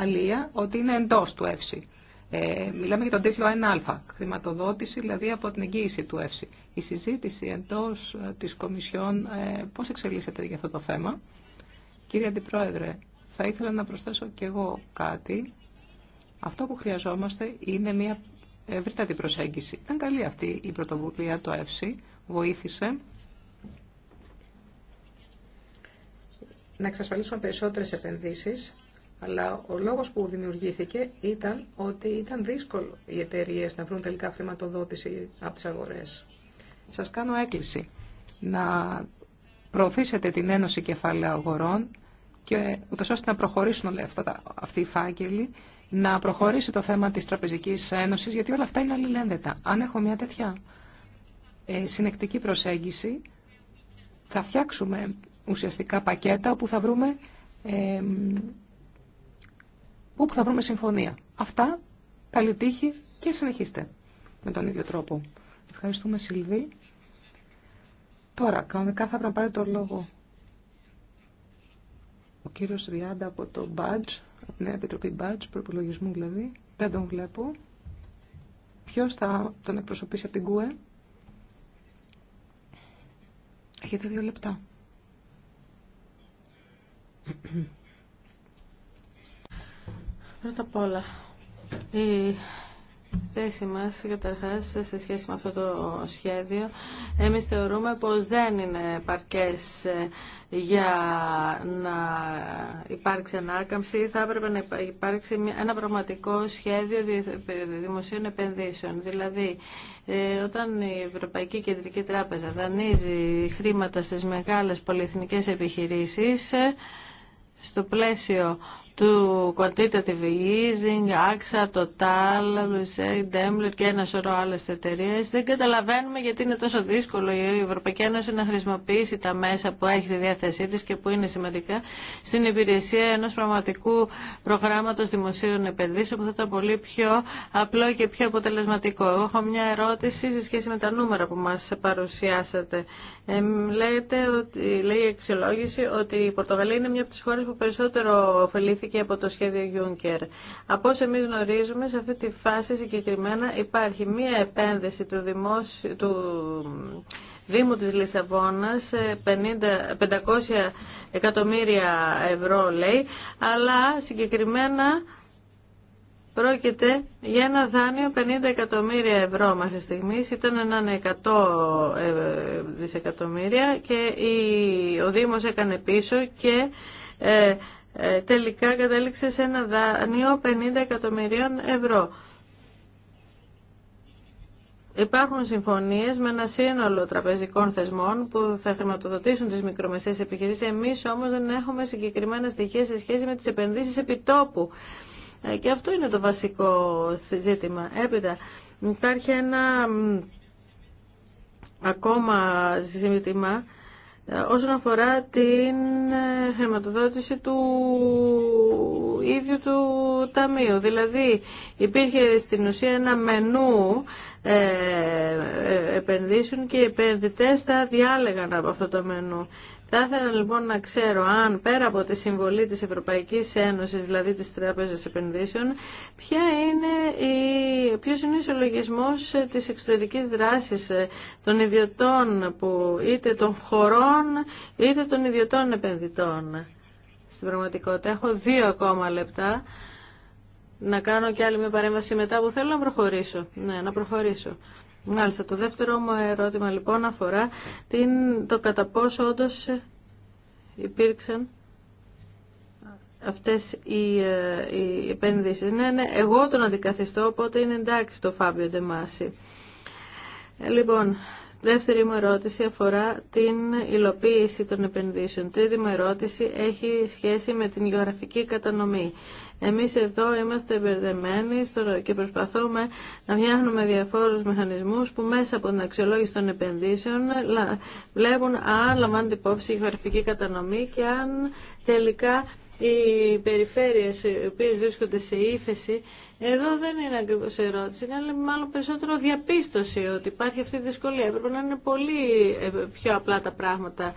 αλία, ότι είναι εντός του ΕΦΣΥ. μιλάμε για τον τίτλο 1α, χρηματοδότηση δηλαδή από την εγγύηση του ΕΦΣΥ. Η συζήτηση εντός της Κομισιόν ε, πώς εξελίσσεται για αυτό το θέμα. Κύριε Αντιπρόεδρε, θα ήθελα να προσθέσω κι εγώ κάτι αυτό που χρειαζόμαστε είναι μια ευρύτατη προσέγγιση. Ήταν καλή αυτή η πρωτοβουλία, το ΕΦΣΥ, βοήθησε να εξασφαλίσουμε περισσότερες επενδύσεις, αλλά ο λόγος που δημιουργήθηκε ήταν ότι ήταν δύσκολο οι εταιρείε να βρουν τελικά χρηματοδότηση από τις αγορές. Σας κάνω έκκληση να προωθήσετε την Ένωση Κεφάλαια Αγορών και ούτως ώστε να προχωρήσουν όλα αυτά, αυτοί οι φάκελοι να προχωρήσει το θέμα της Τραπεζικής Ένωσης, γιατί όλα αυτά είναι αλληλένδετα. Αν έχω μια τέτοια ε, συνεκτική προσέγγιση, θα φτιάξουμε ουσιαστικά πακέτα όπου θα βρούμε, όπου θα βρούμε συμφωνία. Αυτά, καλή τύχη και συνεχίστε με τον ίδιο τρόπο. Ευχαριστούμε Σιλβί. Τώρα, κανονικά θα πρέπει να πάρει το λόγο ο κύριος Ριάντα από το Badge. Νέα Επιτροπή Μπάτζ, προπολογισμού δηλαδή. Δεν τον βλέπω. Ποιο θα τον εκπροσωπήσει από την ΚΟΕ. Έχετε δύο λεπτά. Πρώτα απ' όλα, η θέση μας καταρχάς σε σχέση με αυτό το σχέδιο. Εμείς θεωρούμε πως δεν είναι παρκές ε, για να υπάρξει ανάκαμψη. Θα έπρεπε να υπάρξει ένα πραγματικό σχέδιο δημοσίων επενδύσεων. Δηλαδή, ε, όταν η Ευρωπαϊκή Κεντρική Τράπεζα δανείζει χρήματα στις μεγάλες πολυεθνικές επιχειρήσεις, ε, στο πλαίσιο του Quantitative Easing, AXA, Total, Lucid, Daimler και ένα σωρό άλλες εταιρείε. Δεν καταλαβαίνουμε γιατί είναι τόσο δύσκολο η Ευρωπαϊκή Ένωση να χρησιμοποιήσει τα μέσα που έχει στη διάθεσή της και που είναι σημαντικά στην υπηρεσία ενός πραγματικού προγράμματος δημοσίων επενδύσεων που θα ήταν πολύ πιο απλό και πιο αποτελεσματικό. Εγώ έχω μια ερώτηση σε σχέση με τα νούμερα που μας παρουσιάσατε. Ε, ότι, λέει η αξιολόγηση ότι η Πορτογαλία είναι μια από τις χώρες που περισσότερο ωφελήθηκε και από το σχέδιο Juncker. Από όσο εμείς γνωρίζουμε, σε αυτή τη φάση συγκεκριμένα υπάρχει μία επένδυση του, του Δήμου της Λισαβόνας, 50, ε, 500 εκατομμύρια ευρώ λέει, αλλά συγκεκριμένα Πρόκειται για ένα δάνειο 50 εκατομμύρια ευρώ μέχρι στιγμή. Ήταν έναν 100 ε, δισεκατομμύρια και ο Δήμος έκανε πίσω και ε, ε, τελικά κατέληξε σε ένα δάνειο 50 εκατομμυρίων ευρώ. Υπάρχουν συμφωνίε με ένα σύνολο τραπεζικών θεσμών που θα χρηματοδοτήσουν τι μικρομεσαίες επιχειρήσει. Εμεί όμω δεν έχουμε συγκεκριμένα στοιχεία σε σχέση με τι επενδύσει επιτόπου. Ε, και αυτό είναι το βασικό ζήτημα. Έπειτα, υπάρχει ένα ακόμα ζήτημα όσον αφορά την ε, χρηματοδότηση του ίδιου του ταμείου. Δηλαδή υπήρχε στην ουσία ένα μενού ε, ε, επενδύσεων και οι επενδυτές θα διάλεγαν από αυτό το μενού. Θα ήθελα λοιπόν να ξέρω αν πέρα από τη συμβολή της Ευρωπαϊκής Ένωσης, δηλαδή της Τράπεζας Επενδύσεων, ποια είναι η, ποιος είναι ο ισολογισμός της εξωτερικής δράσης των ιδιωτών, που, είτε των χωρών είτε των ιδιωτών επενδυτών. Στην πραγματικότητα έχω δύο ακόμα λεπτά να κάνω και άλλη μια παρέμβαση μετά που θέλω να προχωρήσω. Ναι, να προχωρήσω. Μάλιστα, το δεύτερο μου ερώτημα λοιπόν αφορά την, το κατά πόσο όντω υπήρξαν αυτές οι, ε, οι επενδύσεις. Ναι, ναι, εγώ τον αντικαθιστώ, οπότε είναι εντάξει το Φάβιο Ντεμάση. Ε, λοιπόν, Δεύτερη μου ερώτηση αφορά την υλοποίηση των επενδύσεων. Τρίτη μου ερώτηση έχει σχέση με την γεωγραφική κατανομή. Εμείς εδώ είμαστε εμπερδεμένοι και προσπαθούμε να φτιάχνουμε διαφόρους μηχανισμούς που μέσα από την αξιολόγηση των επενδύσεων βλέπουν αν λαμβάνεται υπόψη η γεωγραφική κατανομή και αν τελικά οι περιφέρειες οι οποίες βρίσκονται σε ύφεση, εδώ δεν είναι ακριβώς ερώτηση, είναι μάλλον περισσότερο διαπίστωση ότι υπάρχει αυτή η δυσκολία. Πρέπει να είναι πολύ ε, πιο απλά τα πράγματα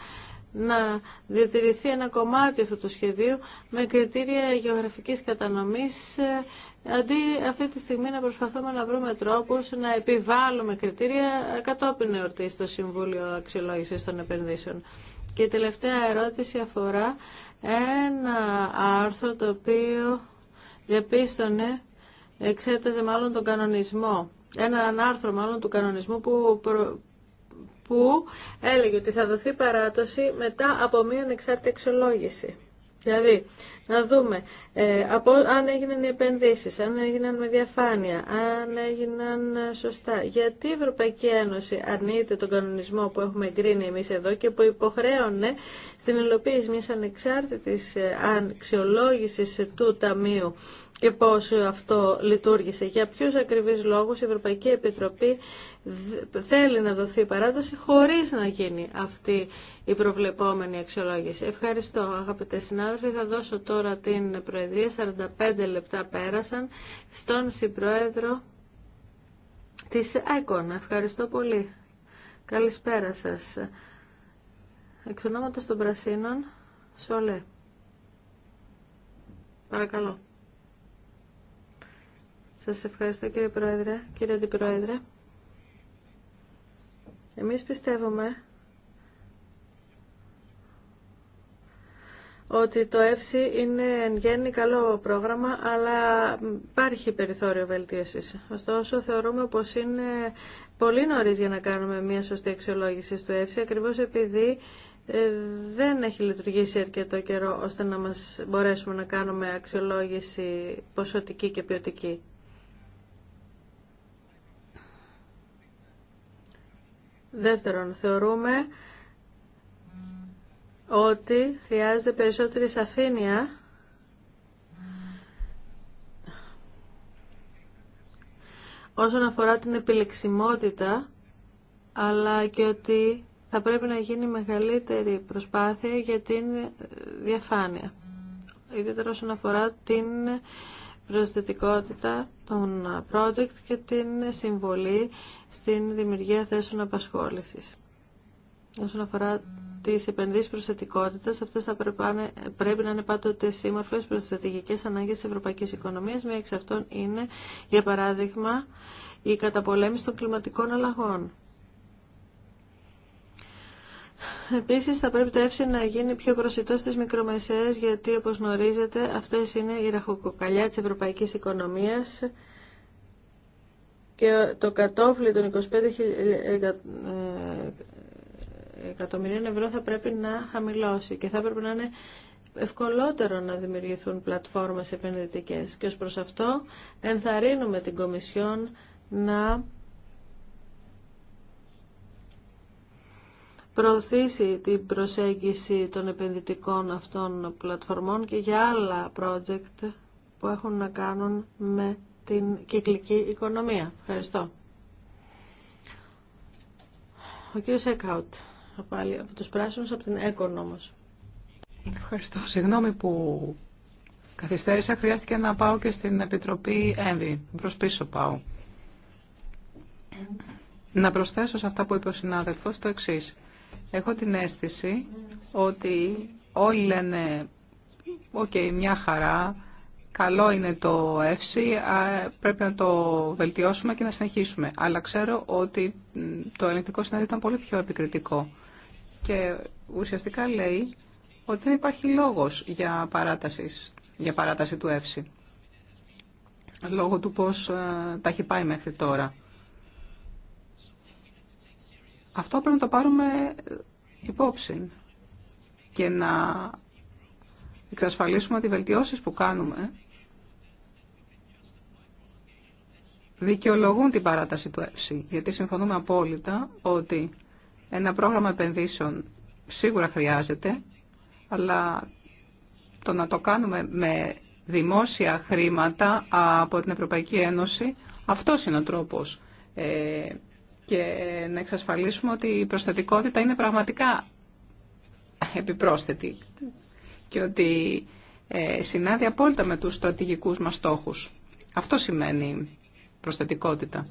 να διατηρηθεί ένα κομμάτι αυτού του σχεδίου με κριτήρια γεωγραφικής κατανομής ε, αντί αυτή τη στιγμή να προσπαθούμε να βρούμε τρόπους να επιβάλλουμε κριτήρια κατόπιν εορτή στο Συμβούλιο Αξιολόγησης των Επενδύσεων. Και η τελευταία ερώτηση αφορά ένα άρθρο το οποίο διαπίστωνε, εξέταζε μάλλον τον κανονισμό. Ένα άρθρο μάλλον του κανονισμού που, που έλεγε ότι θα δοθεί παράτωση μετά από μία ανεξάρτητη εξολόγηση. Δηλαδή, να δούμε ε, από, αν έγιναν οι επενδύσεις, αν έγιναν με διαφάνεια, αν έγιναν ε, σωστά. Γιατί η Ευρωπαϊκή Ένωση αρνείται τον κανονισμό που έχουμε εγκρίνει εμείς εδώ και που υποχρέωνε στην υλοποίηση μιας ανεξάρτητης ε, αξιολόγησης του Ταμείου και πώς αυτό λειτουργήσε. Για ποιους ακριβείς λόγους η Ευρωπαϊκή Επιτροπή θέλει να δοθεί παράταση χωρίς να γίνει αυτή η προβλεπόμενη αξιολόγηση. Ευχαριστώ αγαπητέ συνάδελφοι. Θα δώσω τώρα την Προεδρία. 45 λεπτά πέρασαν στον Συμπρόεδρο της ΕΚΟΝ. Ευχαριστώ πολύ. Καλησπέρα σας. Εξ των Πρασίνων, Σολέ. Παρακαλώ. Σας ευχαριστώ κύριε Πρόεδρε, κύριε Αντιπρόεδρε. Εμείς πιστεύουμε ότι το ΕΦΣΙ είναι εν γέννη καλό πρόγραμμα, αλλά υπάρχει περιθώριο βελτίωσης. Ωστόσο, θεωρούμε πως είναι πολύ νωρίς για να κάνουμε μια σωστή αξιολόγηση του ΕΦΣΙ, ακριβώς επειδή ε, δεν έχει λειτουργήσει αρκετό καιρό ώστε να μας μπορέσουμε να κάνουμε αξιολόγηση ποσοτική και ποιοτική. Δεύτερον, θεωρούμε ότι χρειάζεται περισσότερη σαφήνεια όσον αφορά την επιλεξιμότητα, αλλά και ότι θα πρέπει να γίνει μεγαλύτερη προσπάθεια για την διαφάνεια. Ιδιαίτερα όσον αφορά την προσθετικότητα των project και την συμβολή στην δημιουργία θέσεων απασχόλησης. Όσον αφορά τι επενδύσει προσθετικότητα, αυτέ θα πρέπει να είναι πάντοτε σύμμορφε προ τι στρατηγικέ ανάγκε τη ευρωπαϊκή οικονομία. Μία εξ αυτών είναι, για παράδειγμα, η καταπολέμηση των κλιματικών αλλαγών. Επίσης θα πρέπει το ΕΦΣΙ να γίνει πιο προσιτό στις μικρομεσαίες γιατί όπως γνωρίζετε αυτές είναι η ραχοκοκαλιά της ευρωπαϊκής οικονομίας και το κατόφλι των 25 ε, εκατομμυρίων ευρώ θα πρέπει να χαμηλώσει και θα πρέπει να είναι ευκολότερο να δημιουργηθούν πλατφόρμες επενδυτικές. Και ως προς αυτό ενθαρρύνουμε την Κομισιόν να προωθήσει την προσέγγιση των επενδυτικών αυτών πλατφορμών και για άλλα project που έχουν να κάνουν με την κυκλική οικονομία. Ευχαριστώ. Ο κύριος Εκάουτ, από τους πράσινους, από την ΕΚΟΝ όμως. Ευχαριστώ. Συγγνώμη που καθυστέρησα. Χρειάστηκε να πάω και στην Επιτροπή ΕΜΒΗ. Προς πίσω πάω. Να προσθέσω σε αυτά που είπε ο συνάδελφος το εξής. Έχω την αίσθηση ότι όλοι λένε «Οκ, okay, μια χαρά, καλό είναι το ΕΦΣΙ, πρέπει να το βελτιώσουμε και να συνεχίσουμε». Αλλά ξέρω ότι το ελεγκτικό συνέδριο ήταν πολύ πιο επικριτικό και ουσιαστικά λέει ότι δεν υπάρχει λόγος για, παράτασης, για παράταση του Εύση, λόγω του πώς ε, τα έχει πάει μέχρι τώρα. Αυτό πρέπει να το πάρουμε υπόψη και να εξασφαλίσουμε ότι οι βελτιώσεις που κάνουμε δικαιολογούν την παράταση του ΕΦΣΥ, γιατί συμφωνούμε απόλυτα ότι ένα πρόγραμμα επενδύσεων σίγουρα χρειάζεται, αλλά το να το κάνουμε με δημόσια χρήματα από την Ευρωπαϊκή Ένωση, αυτός είναι ο τρόπος ε, και να εξασφαλίσουμε ότι η προστατικότητα είναι πραγματικά επιπρόσθετη και ότι ε, συνάδει απόλυτα με τους στρατηγικούς μας στόχους. Αυτό σημαίνει προστατικότητα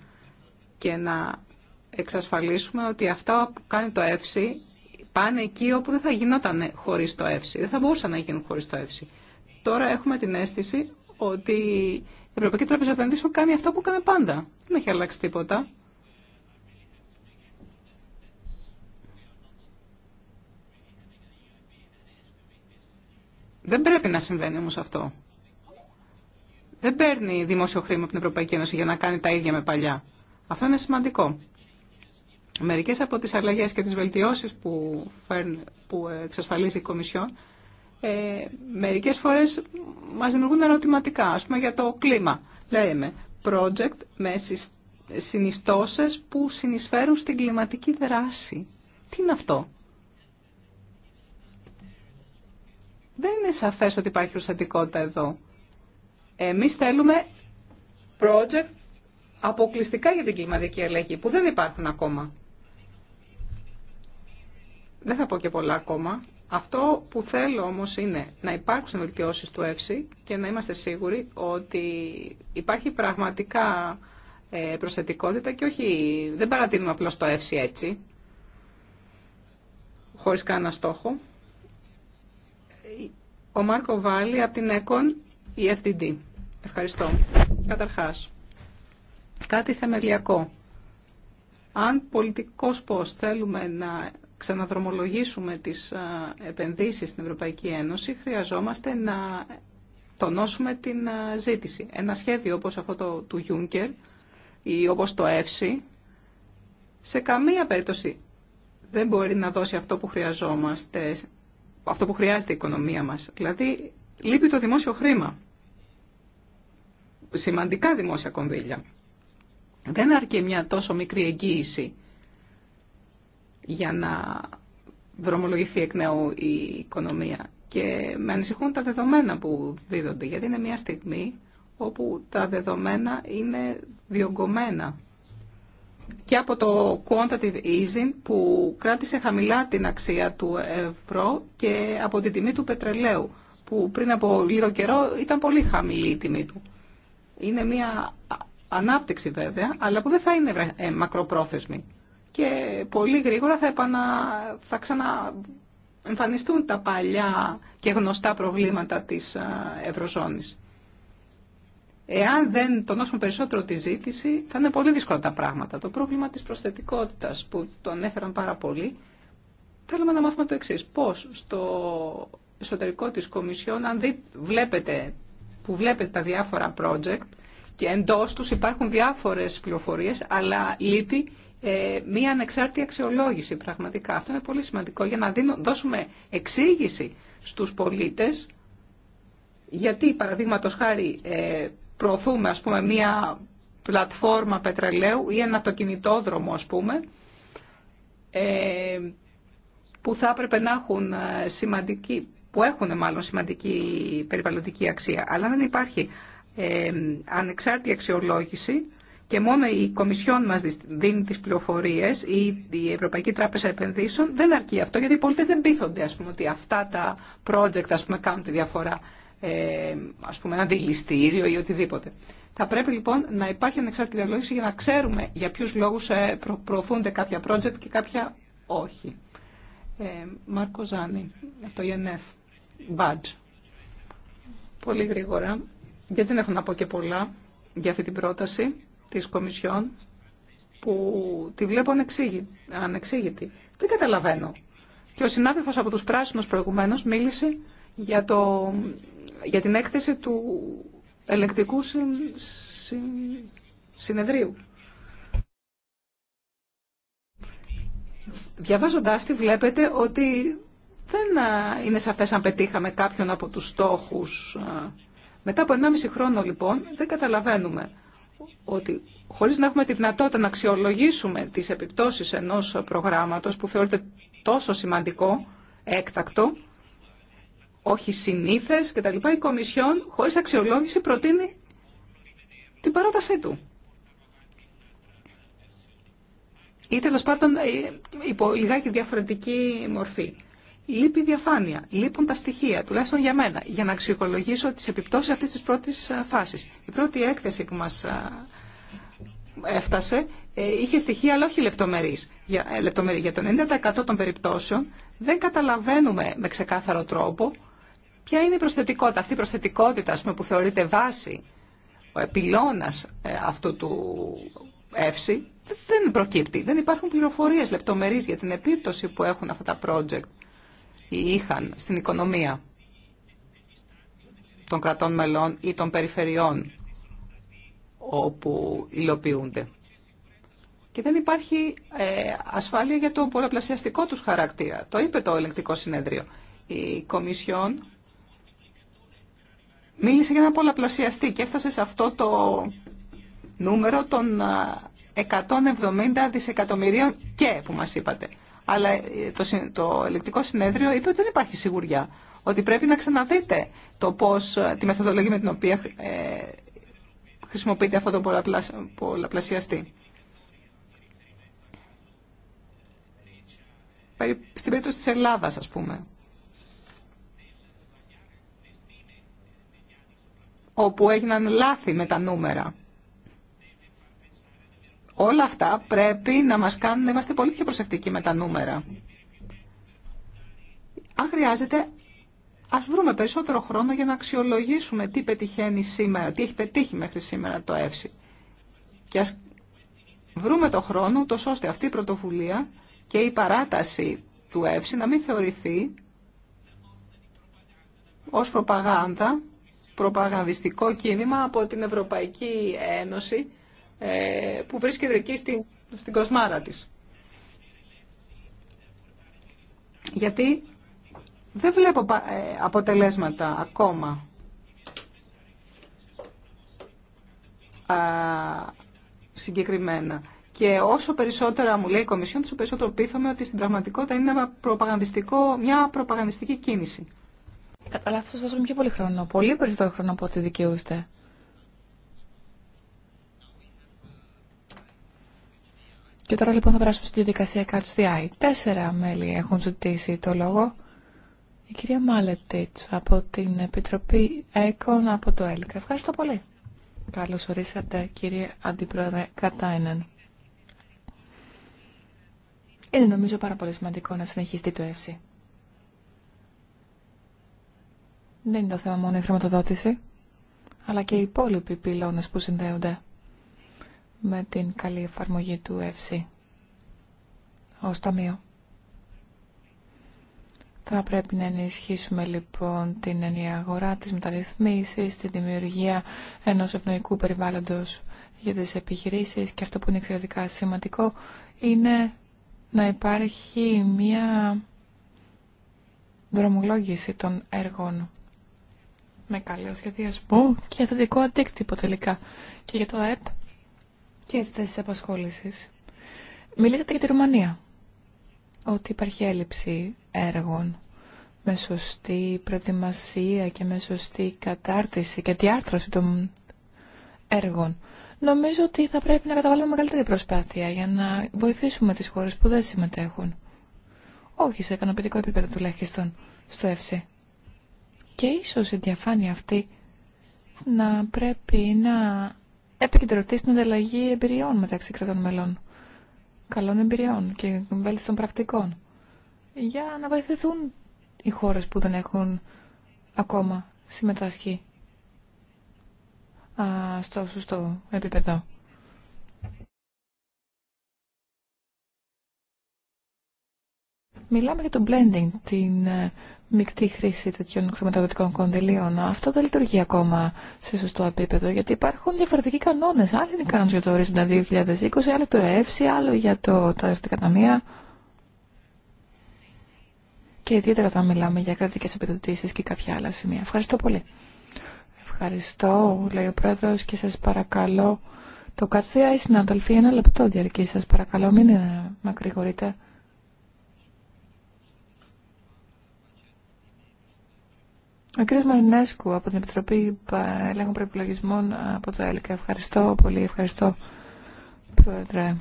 και να εξασφαλίσουμε ότι αυτά που κάνει το ΕΦΣΥ πάνε εκεί όπου δεν θα γινόταν χωρίς το ΕΦΣΥ, δεν θα μπορούσαν να γίνουν χωρίς το ΕΦΣΥ. Τώρα έχουμε την αίσθηση ότι η Ευρωπαϊκή Τράπεζα Επενδύσεων κάνει αυτά που κάνει πάντα. Δεν έχει αλλάξει τίποτα. Δεν πρέπει να συμβαίνει όμως αυτό. Δεν παίρνει δημόσιο χρήμα από την Ευρωπαϊκή Ένωση για να κάνει τα ίδια με παλιά. Αυτό είναι σημαντικό. Μερικέ από τις αλλαγέ και τις βελτιώσεις που, που εξασφαλίζει η Κομισιόν ε, μερικές φορές μας δημιουργούν ερωτηματικά, α πούμε για το κλίμα. Λέμε project με συνιστώσει που συνεισφέρουν στην κλιματική δράση. Τι είναι αυτό. Δεν είναι σαφές ότι υπάρχει προστατικότητα εδώ. Εμείς θέλουμε project αποκλειστικά για την κλιματική ελέγχη που δεν υπάρχουν ακόμα. Δεν θα πω και πολλά ακόμα. Αυτό που θέλω όμως είναι να υπάρξουν βελτιώσεις του ΕΦΣΥ και να είμαστε σίγουροι ότι υπάρχει πραγματικά ε, προσθετικότητα και όχι, δεν παρατείνουμε απλώς το ΕΦΣΥ έτσι, χωρίς κανένα στόχο. Ο Μάρκο Βάλλη από την ΕΚΟΝ, η FDD. Ευχαριστώ. Καταρχάς, κάτι θεμελιακό. Αν πολιτικός πώς θέλουμε να ξαναδρομολογήσουμε τις επενδύσεις στην Ευρωπαϊκή Ένωση, χρειαζόμαστε να τονώσουμε την ζήτηση. Ένα σχέδιο όπως αυτό του Juncker ή όπως το ΕΦΣΙ, σε καμία περίπτωση δεν μπορεί να δώσει αυτό που χρειαζόμαστε αυτό που χρειάζεται η οικονομία μας. Δηλαδή, λείπει το δημόσιο χρήμα. Σημαντικά δημόσια κονδύλια. Δεν αρκεί μια τόσο μικρή εγγύηση για να δρομολογηθεί εκ νέου η οικονομία. Και με ανησυχούν τα δεδομένα που δίδονται, γιατί είναι μια στιγμή όπου τα δεδομένα είναι διωγγωμένα και από το quantitative easing που κράτησε χαμηλά την αξία του ευρώ και από την τιμή του πετρελαίου που πριν από λίγο καιρό ήταν πολύ χαμηλή η τιμή του. Είναι μια ανάπτυξη βέβαια, αλλά που δεν θα είναι ε, μακροπρόθεσμη. Και πολύ γρήγορα θα, επανα... θα ξαναεμφανιστούν τα παλιά και γνωστά προβλήματα της ε, Ευρωζώνης. Εάν δεν τονώσουμε περισσότερο τη ζήτηση, θα είναι πολύ δύσκολα τα πράγματα. Το πρόβλημα τη προσθετικότητα που το ανέφεραν πάρα πολύ, θέλουμε να μάθουμε το εξή. πώ στο εσωτερικό τη Κομισιόν, αν βλέπετε, που βλέπετε τα διάφορα project και εντό του υπάρχουν διάφορε πληροφορίε, αλλά λείπει ε, μία ανεξάρτητη αξιολόγηση πραγματικά. Αυτό είναι πολύ σημαντικό για να δίνω, δώσουμε εξήγηση στου πολίτε, γιατί, παραδείγματο χάρη, ε, προωθούμε ας πούμε μία πλατφόρμα πετρελαίου ή ένα αυτοκινητόδρομο ας πούμε ε, που θα έπρεπε να έχουν ε, σημαντική, που έχουν μάλλον σημαντική περιβαλλοντική αξία. Αλλά δεν υπάρχει ε, ανεξάρτητη αξιολόγηση και μόνο η Κομισιόν μας δίνει τις πληροφορίες ή η Ευρωπαϊκή Τράπεζα Επενδύσεων δεν αρκεί αυτό γιατί οι πολίτες δεν πείθονται ας πούμε, ότι αυτά τα project ας πούμε, κάνουν τη διαφορά ε, ας πούμε, ένα δηληστήριο ή οτιδήποτε. Θα πρέπει λοιπόν να υπάρχει ανεξάρτητη διαλόγηση για να ξέρουμε για ποιους λόγους ε, προωθούνται κάποια project και κάποια όχι. Ε, Μάρκο Ζάνη, από το ENF, Badge. Πολύ γρήγορα, γιατί δεν έχω να πω και πολλά για αυτή την πρόταση της Κομισιόν που τη βλέπω ανεξήγητη. Δεν καταλαβαίνω. Και ο συνάδελφος από τους πράσινους προηγουμένως μίλησε για το για την έκθεση του ελεκτικού συνεδρίου. Διαβάζοντάς τη βλέπετε ότι δεν είναι σαφές αν πετύχαμε κάποιον από τους στόχους. Μετά από 1,5 χρόνο λοιπόν δεν καταλαβαίνουμε ότι χωρίς να έχουμε τη δυνατότητα να αξιολογήσουμε τις επιπτώσεις ενός προγράμματος που θεωρείται τόσο σημαντικό, έκτακτο, όχι συνήθες κτλ. Η Κομισιόν χωρί αξιολόγηση προτείνει την παράτασή του. Ή τέλο πάντων ε, υπό λιγάκι διαφορετική μορφή. Λείπει η διαφάνεια, λείπουν τα στοιχεία, τουλάχιστον για μένα, για να αξιολογήσω τι επιπτώσει αυτής της πρώτης ε, φάσης. Η πρώτη έκθεση που μα ε, έφτασε είχε στοιχεία αλλά όχι λεπτομερείς. Για, για το 90% των περιπτώσεων δεν καταλαβαίνουμε με ξεκάθαρο τρόπο Ποια είναι η προσθετικότητα, αυτή η προσθετικότητα πούμε, που θεωρείται βάση, ο επιλώνας ε, αυτού του εύση, δεν προκύπτει. Δεν υπάρχουν πληροφορίες λεπτομερείς για την επίπτωση που έχουν αυτά τα project ή είχαν στην οικονομία των κρατών μελών ή των περιφερειών όπου υλοποιούνται. Και δεν υπάρχει ε, ασφάλεια για το πολλαπλασιαστικό τους χαρακτήρα. Το είπε το ελεγκτικό συνέδριο. Η Κομισιόν μίλησε για να πολλαπλασιαστεί και έφτασε σε αυτό το νούμερο των 170 δισεκατομμυρίων και που μας είπατε. Αλλά ε, το, το ελεκτικό συνέδριο είπε ότι δεν υπάρχει σιγουριά. Ότι πρέπει να ξαναδείτε το πώς, τη μεθοδολογία με την οποία ε, χρησιμοποιείται αυτό το πολλαπλασιαστή. Στην περίπτωση της Ελλάδας, ας πούμε, όπου έγιναν λάθη με τα νούμερα. Όλα αυτά πρέπει να μας κάνουν να είμαστε πολύ πιο προσεκτικοί με τα νούμερα. Αν χρειάζεται, ας βρούμε περισσότερο χρόνο για να αξιολογήσουμε τι πετυχαίνει σήμερα, τι έχει πετύχει μέχρι σήμερα το ΕΦΣΙ. Και ας βρούμε το χρόνο, τόσο ώστε αυτή η πρωτοβουλία και η παράταση του ΕΦΣΙ να μην θεωρηθεί ως προπαγάνδα προπαγανδιστικό κίνημα από την Ευρωπαϊκή Ένωση ε, που βρίσκεται εκεί στην, στην κοσμάρα της. Γιατί δεν βλέπω ε, αποτελέσματα ακόμα. Α, συγκεκριμένα. Και όσο περισσότερα μου λέει η Κομισιόν, τόσο περισσότερο πείθομαι ότι στην πραγματικότητα είναι ένα προπαγανδιστικό, μια προπαγανδιστική κίνηση. Αλλά θα σας δώσουμε πιο πολύ χρόνο, πολύ περισσότερο χρόνο από ό,τι δικαιούστε. Και τώρα λοιπόν θα περάσουμε στη διαδικασία Catch the Eye. Τέσσερα μέλη έχουν ζητήσει το λόγο. Η κυρία Μάλετιτς από την Επιτροπή ΕΚΟΝ από το ΕΛΚΑ. Ευχαριστώ πολύ. Καλώς ορίσατε κύριε Αντιπρόεδρε Κατάινεν. Είναι νομίζω πάρα πολύ σημαντικό να συνεχιστεί το ΕΦΣΥ. δεν είναι το θέμα μόνο η χρηματοδότηση, αλλά και οι υπόλοιποι πυλώνες που συνδέονται με την καλή εφαρμογή του ΕΦΣΥ ως ταμείο. Θα πρέπει να ενισχύσουμε λοιπόν την ενιαία αγορά, τις μεταρρυθμίσεις, τη δημιουργία ενός ευνοϊκού περιβάλλοντος για τις επιχειρήσεις και αυτό που είναι εξαιρετικά σημαντικό είναι να υπάρχει μια δρομολόγηση των έργων με καλό σχεδιασμό και θετικό αντίκτυπο τελικά και για το ΑΕΠ και τι θέσει απασχόληση. Μιλήσατε για τη Ρουμανία, ότι υπάρχει έλλειψη έργων με σωστή προετοιμασία και με σωστή κατάρτιση και διάρθρωση των έργων. Νομίζω ότι θα πρέπει να καταβάλουμε μεγαλύτερη προσπάθεια για να βοηθήσουμε τις χώρες που δεν συμμετέχουν. Όχι σε ικανοποιητικό επίπεδο τουλάχιστον στο ΕΦΣΥ. Και ίσως η διαφάνεια αυτή να πρέπει να επικεντρωθεί στην ανταλλαγή εμπειριών μεταξύ κρατών μελών. Καλών εμπειριών και βέλτιστων πρακτικών. Για να βοηθηθούν οι χώρες που δεν έχουν ακόμα συμμετάσχει στο σωστό επίπεδο. Μιλάμε για το blending, την ε, μεικτή χρήση τέτοιων χρηματοδοτικών κονδυλίων. Αυτό δεν λειτουργεί ακόμα σε σωστό επίπεδο, γιατί υπάρχουν διαφορετικοί κανόνε. Άλλοι είναι οι κανόνε για το ορίζοντα 2020, άλλοι το ΕΕΦΣΙ, άλλο για το τα ταμεία. Και ιδιαίτερα θα μιλάμε για κρατικέ επιδοτήσει και κάποια άλλα σημεία. Ευχαριστώ πολύ. Ευχαριστώ, λέει ο πρόεδρο, και σα παρακαλώ. Το η συναδελφοί, ένα λεπτό διαρκεί. Σα παρακαλώ, μην ε, μακρηγορείτε. Ο κ. Μαρινέσκου από την Επιτροπή Ελέγχων Προεπιλογισμών από το ΕΛΚΑ. Ευχαριστώ πολύ, ευχαριστώ, Πρόεδρε.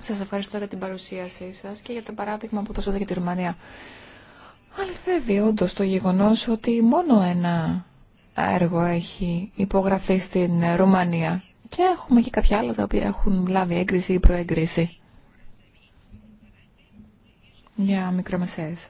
Σας ευχαριστώ για την παρουσίασή σας και για το παράδειγμα που δώσατε για τη Ρουμανία. Αληθεύει όντω το γεγονός ότι μόνο ένα έργο έχει υπογραφεί στην Ρουμανία και έχουμε και κάποια άλλα τα οποία έχουν λάβει έγκριση ή προέγκριση για μικρομεσαίες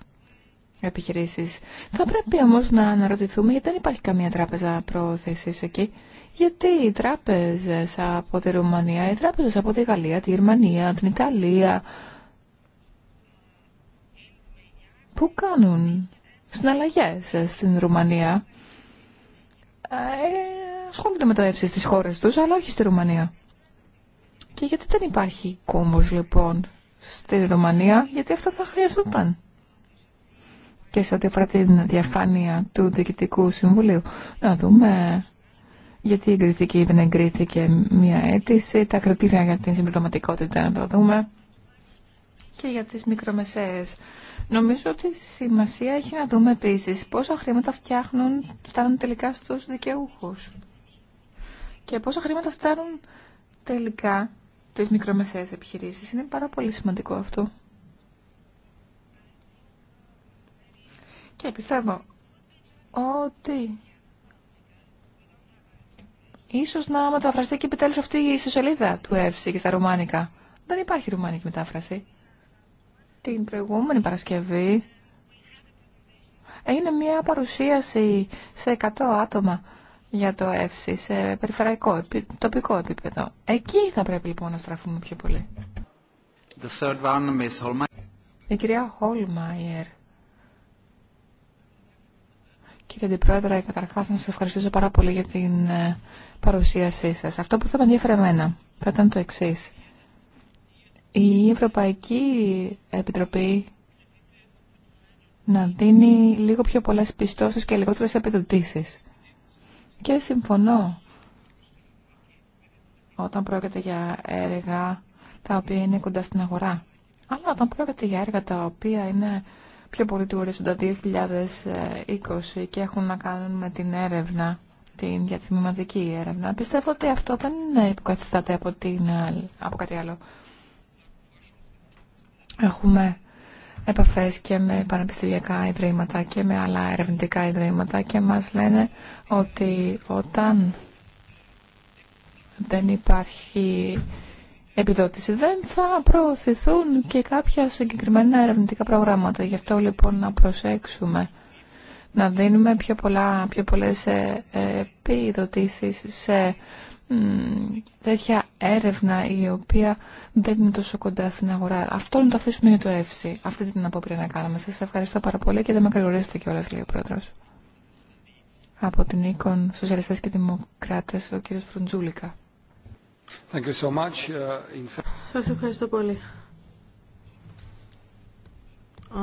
επιχειρήσεις. Θα πρέπει όμως να αναρωτηθούμε γιατί δεν υπάρχει καμία τράπεζα προώθησης εκεί. Γιατί οι τράπεζες από τη Ρουμανία, οι τράπεζες από τη Γαλλία, τη Γερμανία, την Ιταλία, που κάνουν συναλλαγές στην Ρουμανία, ε, ασχολούνται με το έψη στις χώρες τους, αλλά όχι στη Ρουμανία. Και γιατί δεν υπάρχει κόμμος λοιπόν στη Ρουμανία, γιατί αυτό θα χρειαζόταν και σε ό,τι αφορά την διαφάνεια του Διοικητικού Συμβουλίου. Να δούμε γιατί εγκρίθηκε ή δεν εγκρίθηκε μια αίτηση, τα κριτήρια για την συμπληρωματικότητα να τα δούμε και για τις μικρομεσαίες. Νομίζω ότι σημασία έχει να δούμε επίσης πόσα χρήματα φτιάχνουν, φτάνουν τελικά στους δικαιούχους και πόσα χρήματα φτάνουν τελικά τις μικρομεσαίες επιχειρήσεις. Είναι πάρα πολύ σημαντικό αυτό. Και πιστεύω ότι ίσως να μεταφραστεί και επιτέλους αυτή η ιστοσελίδα του ΕΦΣΙ και στα ρουμάνικα. Δεν υπάρχει ρουμάνικη μετάφραση. Την προηγούμενη Παρασκευή έγινε μια παρουσίαση σε 100 άτομα για το ΕΦΣΙ σε περιφερειακό, τοπικό επίπεδο. Εκεί θα πρέπει λοιπόν να στραφούμε πιο πολύ. The third one Η κυρία Χόλμαϊερ Κύριε Αντιπρόεδρε, καταρχά να σα ευχαριστήσω πάρα πολύ για την ε, παρουσίασή σα. Αυτό που θα με ενδιαφέρει εμένα θα ήταν το εξή. Η Ευρωπαϊκή Επιτροπή να δίνει λίγο πιο πολλέ πιστώσει και λιγότερε επιδοτήσει. Και συμφωνώ όταν πρόκειται για έργα τα οποία είναι κοντά στην αγορά. Αλλά όταν πρόκειται για έργα τα οποία είναι πιο πολύ του ορίζοντα 2020 και έχουν να κάνουν με την έρευνα, την διαθυμηματική έρευνα. Πιστεύω ότι αυτό δεν υποκαθιστάται από, την, από κάτι άλλο. Έχουμε επαφές και με πανεπιστημιακά ιδρύματα και με άλλα ερευνητικά ιδρύματα και μας λένε ότι όταν δεν υπάρχει επιδότηση δεν θα προωθηθούν και κάποια συγκεκριμένα ερευνητικά προγράμματα. Γι' αυτό λοιπόν να προσέξουμε να δίνουμε πιο, πολλά, πιο πολλές ε, ε, επιδοτήσεις σε τέτοια έρευνα η οποία δεν είναι τόσο κοντά στην αγορά. Αυτό να το αφήσουμε για το ΕΦΣΥ. Αυτή την απόπειρα να κάνουμε. Σας ευχαριστώ πάρα πολύ και δεν με καλωρίσετε κιόλα, λέει ο Πρόεδρος. Από την οίκον Σοσιαλιστές και Δημοκράτες, ο κύριος Φρουντζούλικα. Thank uh, Σας ευχαριστώ πολύ.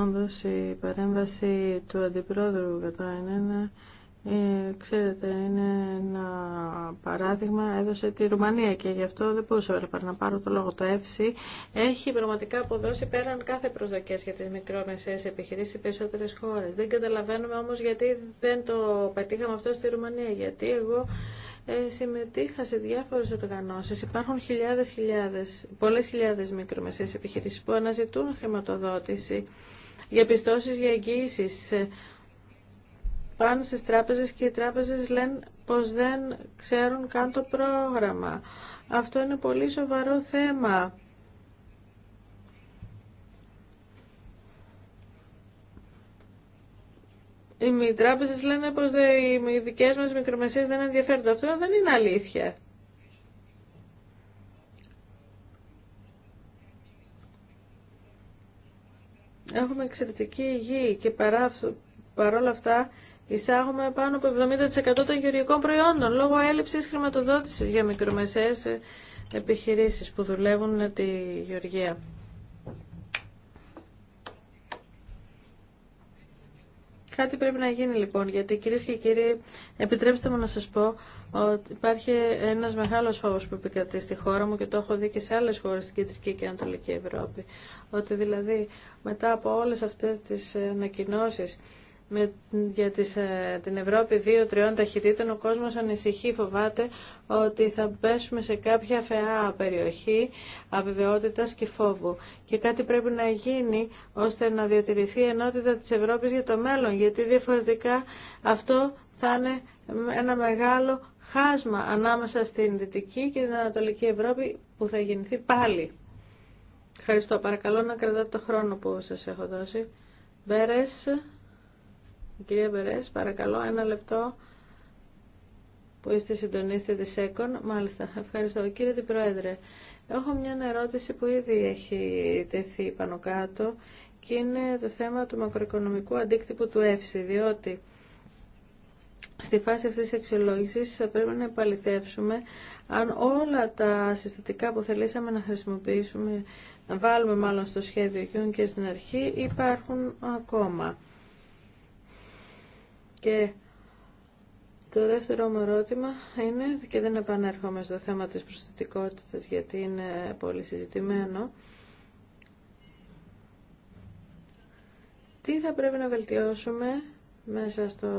Όντως η παρέμβαση του Αντιπρόεδρου Κατάινεν, ε, ξέρετε, είναι ένα παράδειγμα, έδωσε τη Ρουμανία και γι' αυτό δεν μπορούσα να πάρω το λόγο το ΕΦΣΥ. Έχει πραγματικά αποδώσει πέραν κάθε προσδοκία για τις μικρομεσαίες επιχειρήσεις σε περισσότερες χώρες. Δεν καταλαβαίνουμε όμως γιατί δεν το πετύχαμε αυτό στη Ρουμανία, γιατί εγώ ε, συμμετείχα σε διάφορες οργανώσεις. Υπάρχουν χιλιάδες, χιλιάδες, πολλές χιλιάδες μικρομεσαίες επιχειρήσεις που αναζητούν χρηματοδότηση για πιστώσεις, για εγγύησεις. Ε, πάνε στις τράπεζες και οι τράπεζες λένε πως δεν ξέρουν καν το πρόγραμμα. Αυτό είναι πολύ σοβαρό θέμα. Οι τράπεζε λένε πω οι δικέ μα μικρομεσαίε δεν ενδιαφέρονται. Αυτό δεν είναι αλήθεια. Έχουμε εξαιρετική υγεία και παρά, παρόλα αυτά εισάγουμε πάνω από 70% των γεωργικών προϊόντων λόγω έλλειψη χρηματοδότηση για μικρομεσαίε ε, επιχειρήσεις που δουλεύουν τη γεωργία. Κάτι πρέπει να γίνει λοιπόν, γιατί κυρίε και κύριοι, επιτρέψτε μου να σα πω ότι υπάρχει ένα μεγάλο φόβο που επικρατεί στη χώρα μου και το έχω δει και σε άλλε χώρε στην Κεντρική και Ανατολική Ευρώπη. Ότι δηλαδή μετά από όλε αυτέ τι ε, ανακοινώσει με, για ε, την ευρωπη δυο δύο-τριών ταχυτήτων ο κόσμος ανησυχεί, φοβάται ότι θα πέσουμε σε κάποια φαιά περιοχή αβεβαιότητας και φόβου. Και κάτι πρέπει να γίνει ώστε να διατηρηθεί η ενότητα της Ευρώπης για το μέλλον, γιατί διαφορετικά αυτό θα είναι ένα μεγάλο χάσμα ανάμεσα στην Δυτική και την Ανατολική Ευρώπη που θα γεννηθεί πάλι. Ευχαριστώ. Παρακαλώ να κρατάτε το χρόνο που σας έχω δώσει. Μπέρες κυρία Μπερές, παρακαλώ, ένα λεπτό που είστε συντονίστε της ΕΚΟΝ. Μάλιστα, ευχαριστώ. Κύριε την Πρόεδρε, έχω μια ερώτηση που ήδη έχει τεθεί πάνω κάτω και είναι το θέμα του μακροοικονομικού αντίκτυπου του ΕΦΣΙ, διότι στη φάση αυτής της αξιολόγησης θα πρέπει να επαληθεύσουμε αν όλα τα συστατικά που θελήσαμε να χρησιμοποιήσουμε, να βάλουμε μάλλον στο σχέδιο και στην αρχή, υπάρχουν ακόμα. Και το δεύτερο μου ερώτημα είναι, και δεν επανέρχομαι στο θέμα της προσθετικότητας γιατί είναι πολύ συζητημένο, τι θα πρέπει να βελτιώσουμε μέσα στο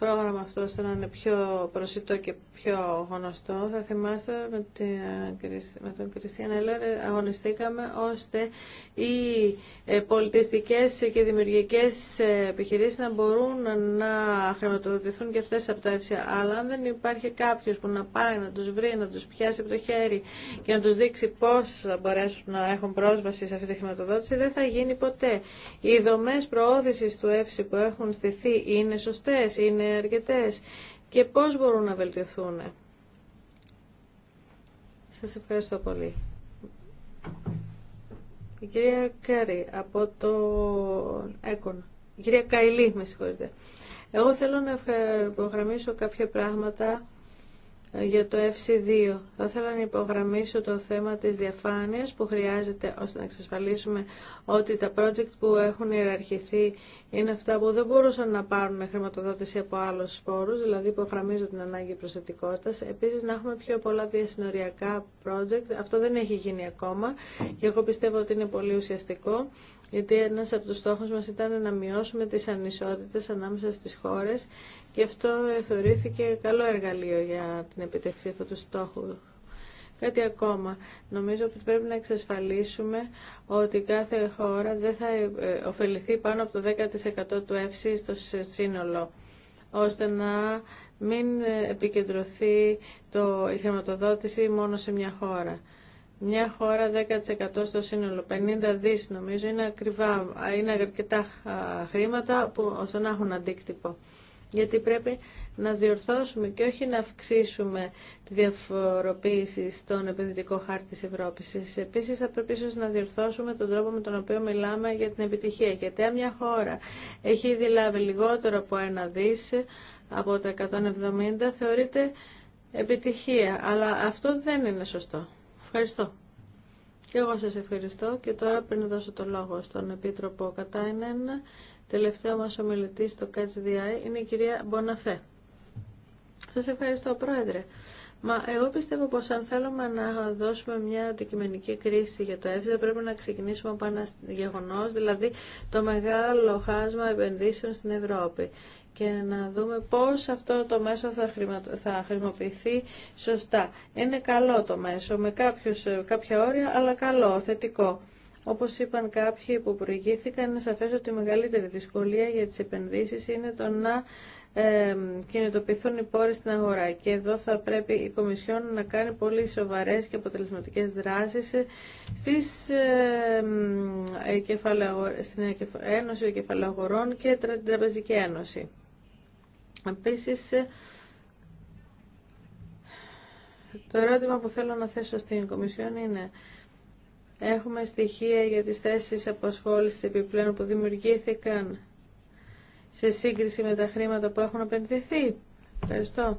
πρόγραμμα αυτό ώστε να είναι πιο προσιτό και πιο γνωστό. Θα θυμάστε με, με τον Κριστιαν Ελέρε αγωνιστήκαμε ώστε οι ε, πολιτιστικές και δημιουργικές ε, επιχειρήσεις να μπορούν να χρηματοδοτηθούν και αυτές από τα ΕΦΣΙΑ. Αλλά αν δεν υπάρχει κάποιος που να πάει να τους βρει, να τους πιάσει από το χέρι και να τους δείξει πώς θα μπορέσουν να έχουν πρόσβαση σε αυτή τη χρηματοδότηση, δεν θα γίνει ποτέ. Οι δομές προώθησης του ΕΦΣΙ που έχουν στηθεί είναι σωστές, είναι και πώς μπορούν να βελτιωθούν. Σας ευχαριστώ πολύ. Η κυρία Κάρη από το Έκον. Η κυρία Καϊλή με συγχωρείτε. Εγώ θέλω να υπογραμμίσω κάποια πράγματα για το FC2. Θα ήθελα να υπογραμμίσω το θέμα της διαφάνειας που χρειάζεται ώστε να εξασφαλίσουμε ότι τα project που έχουν ιεραρχηθεί είναι αυτά που δεν μπορούσαν να πάρουν χρηματοδότηση από άλλους πόρους, δηλαδή υπογραμμίζω την ανάγκη προσθετικότητας. Επίσης να έχουμε πιο πολλά διασυνοριακά project. Αυτό δεν έχει γίνει ακόμα και εγώ πιστεύω ότι είναι πολύ ουσιαστικό γιατί ένας από τους στόχους μας ήταν να μειώσουμε τις ανισότητες ανάμεσα στις χώρες και αυτό ε, θεωρήθηκε καλό εργαλείο για την επιτευχή αυτού του στόχου. Κάτι ακόμα. Νομίζω ότι πρέπει να εξασφαλίσουμε ότι κάθε χώρα δεν θα ε, ωφεληθεί πάνω από το 10% του ΕΦΣΥ στο σύνολο, ώστε να μην ε, επικεντρωθεί το, η χρηματοδότηση μόνο σε μια χώρα. Μια χώρα 10% στο σύνολο, 50 δις νομίζω, είναι, ακριβά, είναι αρκετά χρήματα που, ώστε να έχουν αντίκτυπο γιατί πρέπει να διορθώσουμε και όχι να αυξήσουμε τη διαφοροποίηση στον επενδυτικό χάρτη της Ευρώπης. Επίσης θα πρέπει ίσως να διορθώσουμε τον τρόπο με τον οποίο μιλάμε για την επιτυχία. Γιατί αν μια χώρα έχει ήδη λάβει λιγότερο από ένα δις από τα 170 θεωρείται επιτυχία. Αλλά αυτό δεν είναι σωστό. Ευχαριστώ. Και εγώ σας ευχαριστώ και τώρα πριν δώσω το λόγο στον Επίτροπο Κατάινεν Τελευταία μας ομιλητή στο ΚΑΤΣΔΙ είναι η κυρία Μποναφέ. Σας ευχαριστώ, Πρόεδρε. Μα εγώ πιστεύω πως αν θέλουμε να δώσουμε μια αντικειμενική κρίση για το ΕΦΣΙ πρέπει να ξεκινήσουμε από ένα γεγονός, δηλαδή το μεγάλο χάσμα επενδύσεων στην Ευρώπη και να δούμε πώς αυτό το μέσο θα, θα χρησιμοποιηθεί σωστά. Είναι καλό το μέσο με κάποια όρια, αλλά καλό, θετικό. Όπως είπαν κάποιοι που προηγήθηκαν, είναι σαφές ότι η μεγαλύτερη δυσκολία για τις επενδύσεις είναι το να ε, κινητοποιηθούν οι πόροι στην αγορά. Και εδώ θα πρέπει η Κομισιόν να κάνει πολύ σοβαρές και αποτελεσματικές δράσεις στις, ε, ε στην Ένωση Κεφαλαγορών και την Τραπεζική Ένωση. Επίσης, ε, το ερώτημα που θέλω να θέσω στην Κομισιόν είναι Έχουμε στοιχεία για τις θέσεις αποσχόλησης επιπλέον που δημιουργήθηκαν σε σύγκριση με τα χρήματα που έχουν επενδυθεί. Ευχαριστώ.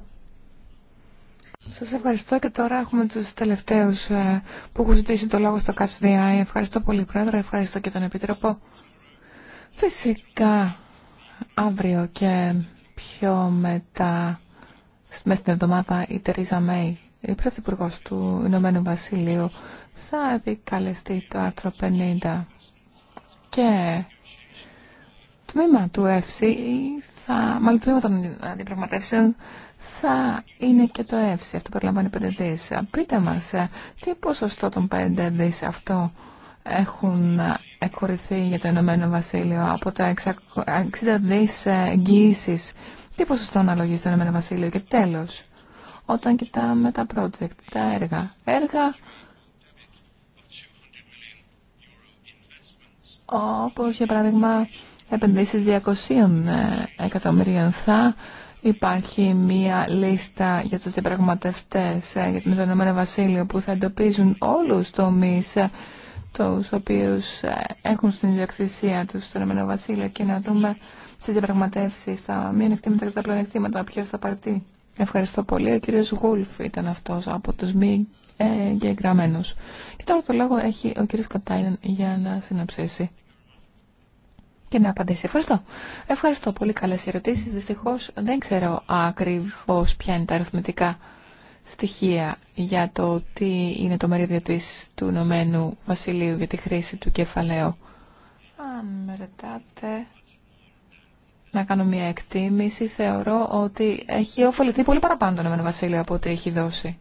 Σας ευχαριστώ και τώρα έχουμε τους τελευταίους ε, που έχουν ζητήσει το λόγο στο Catch Ευχαριστώ πολύ Πρόεδρε, ευχαριστώ και τον Επίτροπο. Φυσικά αύριο και πιο μετά, μέσα στην εβδομάδα η Τερίζα Μέη η Πρωθυπουργό του Ηνωμένου Βασιλείου θα επικαλεστεί το άρθρο 50 και τμήμα του ΕΦΣΥ, θα, μάλλον τμήμα των αντιπραγματεύσεων θα είναι και το ΕΦΣΥ, αυτό περιλαμβάνει 5 δις. Πείτε μας, τι ποσοστό των 5 δις αυτό έχουν εκχωρηθεί για το Ηνωμένο Βασίλειο από τα 60 δις εγγύησης. Τι ποσοστό αναλογεί στο Ηνωμένο Βασίλειο και τέλος όταν κοιτάμε τα project, τα έργα. Έργα όπως για παράδειγμα επενδύσεις 200 ε, εκατομμυρίων θα υπάρχει μία λίστα για τους διαπραγματευτές ε, για το Ηνωμένο Βασίλειο που θα εντοπίζουν όλους τομείς ε, τους οποίους έχουν στην ιδιοκτησία τους στο Ηνωμένο Βασίλειο και να δούμε στις διαπραγματεύσεις τα νεκτήματα και τα πλανεκτήματα ποιος θα πάρει Ευχαριστώ πολύ. Ο κύριος Γούλφ ήταν αυτός από τους μη εγγεγραμμένους. Και τώρα το λόγο έχει ο κύριος Κατάινεν για να συνοψίσει και να απαντήσει. Ευχαριστώ. Ευχαριστώ. Πολύ καλές ερωτήσεις. Δυστυχώς δεν ξέρω ακριβώς ποια είναι τα αριθμητικά στοιχεία για το τι είναι το μερίδιο της του Ηνωμένου Βασιλείου για τη χρήση του κεφαλαίου. Αν με ρωτάτε, να κάνω μια εκτίμηση, θεωρώ ότι έχει ωφεληθεί πολύ παραπάνω τον νεμένο Βασίλειο από ό,τι έχει δώσει.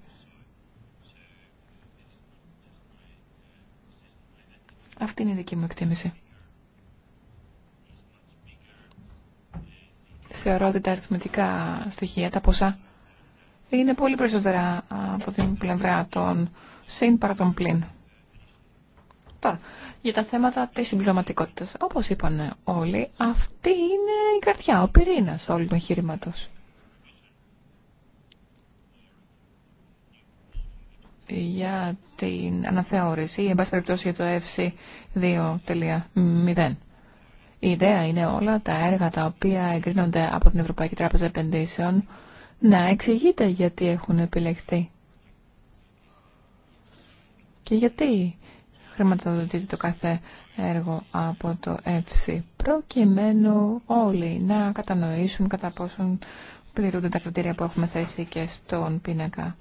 Αυτή είναι η δική μου εκτίμηση. Θεωρώ ότι τα αριθμητικά στοιχεία, τα ποσά, είναι πολύ περισσότερα από την πλευρά των συν παρά των πλην αυτά, για τα θέματα της συμπληρωματικότητα. Όπως είπαν όλοι, αυτή είναι η καρδιά, ο πυρήνα όλου του εγχείρηματο. για την αναθεώρηση εν πάση περιπτώσει, για το fc 2.0. Η ιδέα είναι όλα τα έργα τα οποία εγκρίνονται από την Ευρωπαϊκή Τράπεζα Επενδύσεων να εξηγείται γιατί έχουν επιλεχθεί. Και γιατί χρηματοδοτείται το κάθε έργο από το ΕΦΣΥ προκειμένου όλοι να κατανοήσουν κατά πόσον πληρούνται τα κριτήρια που έχουμε θέσει και στον πίνακα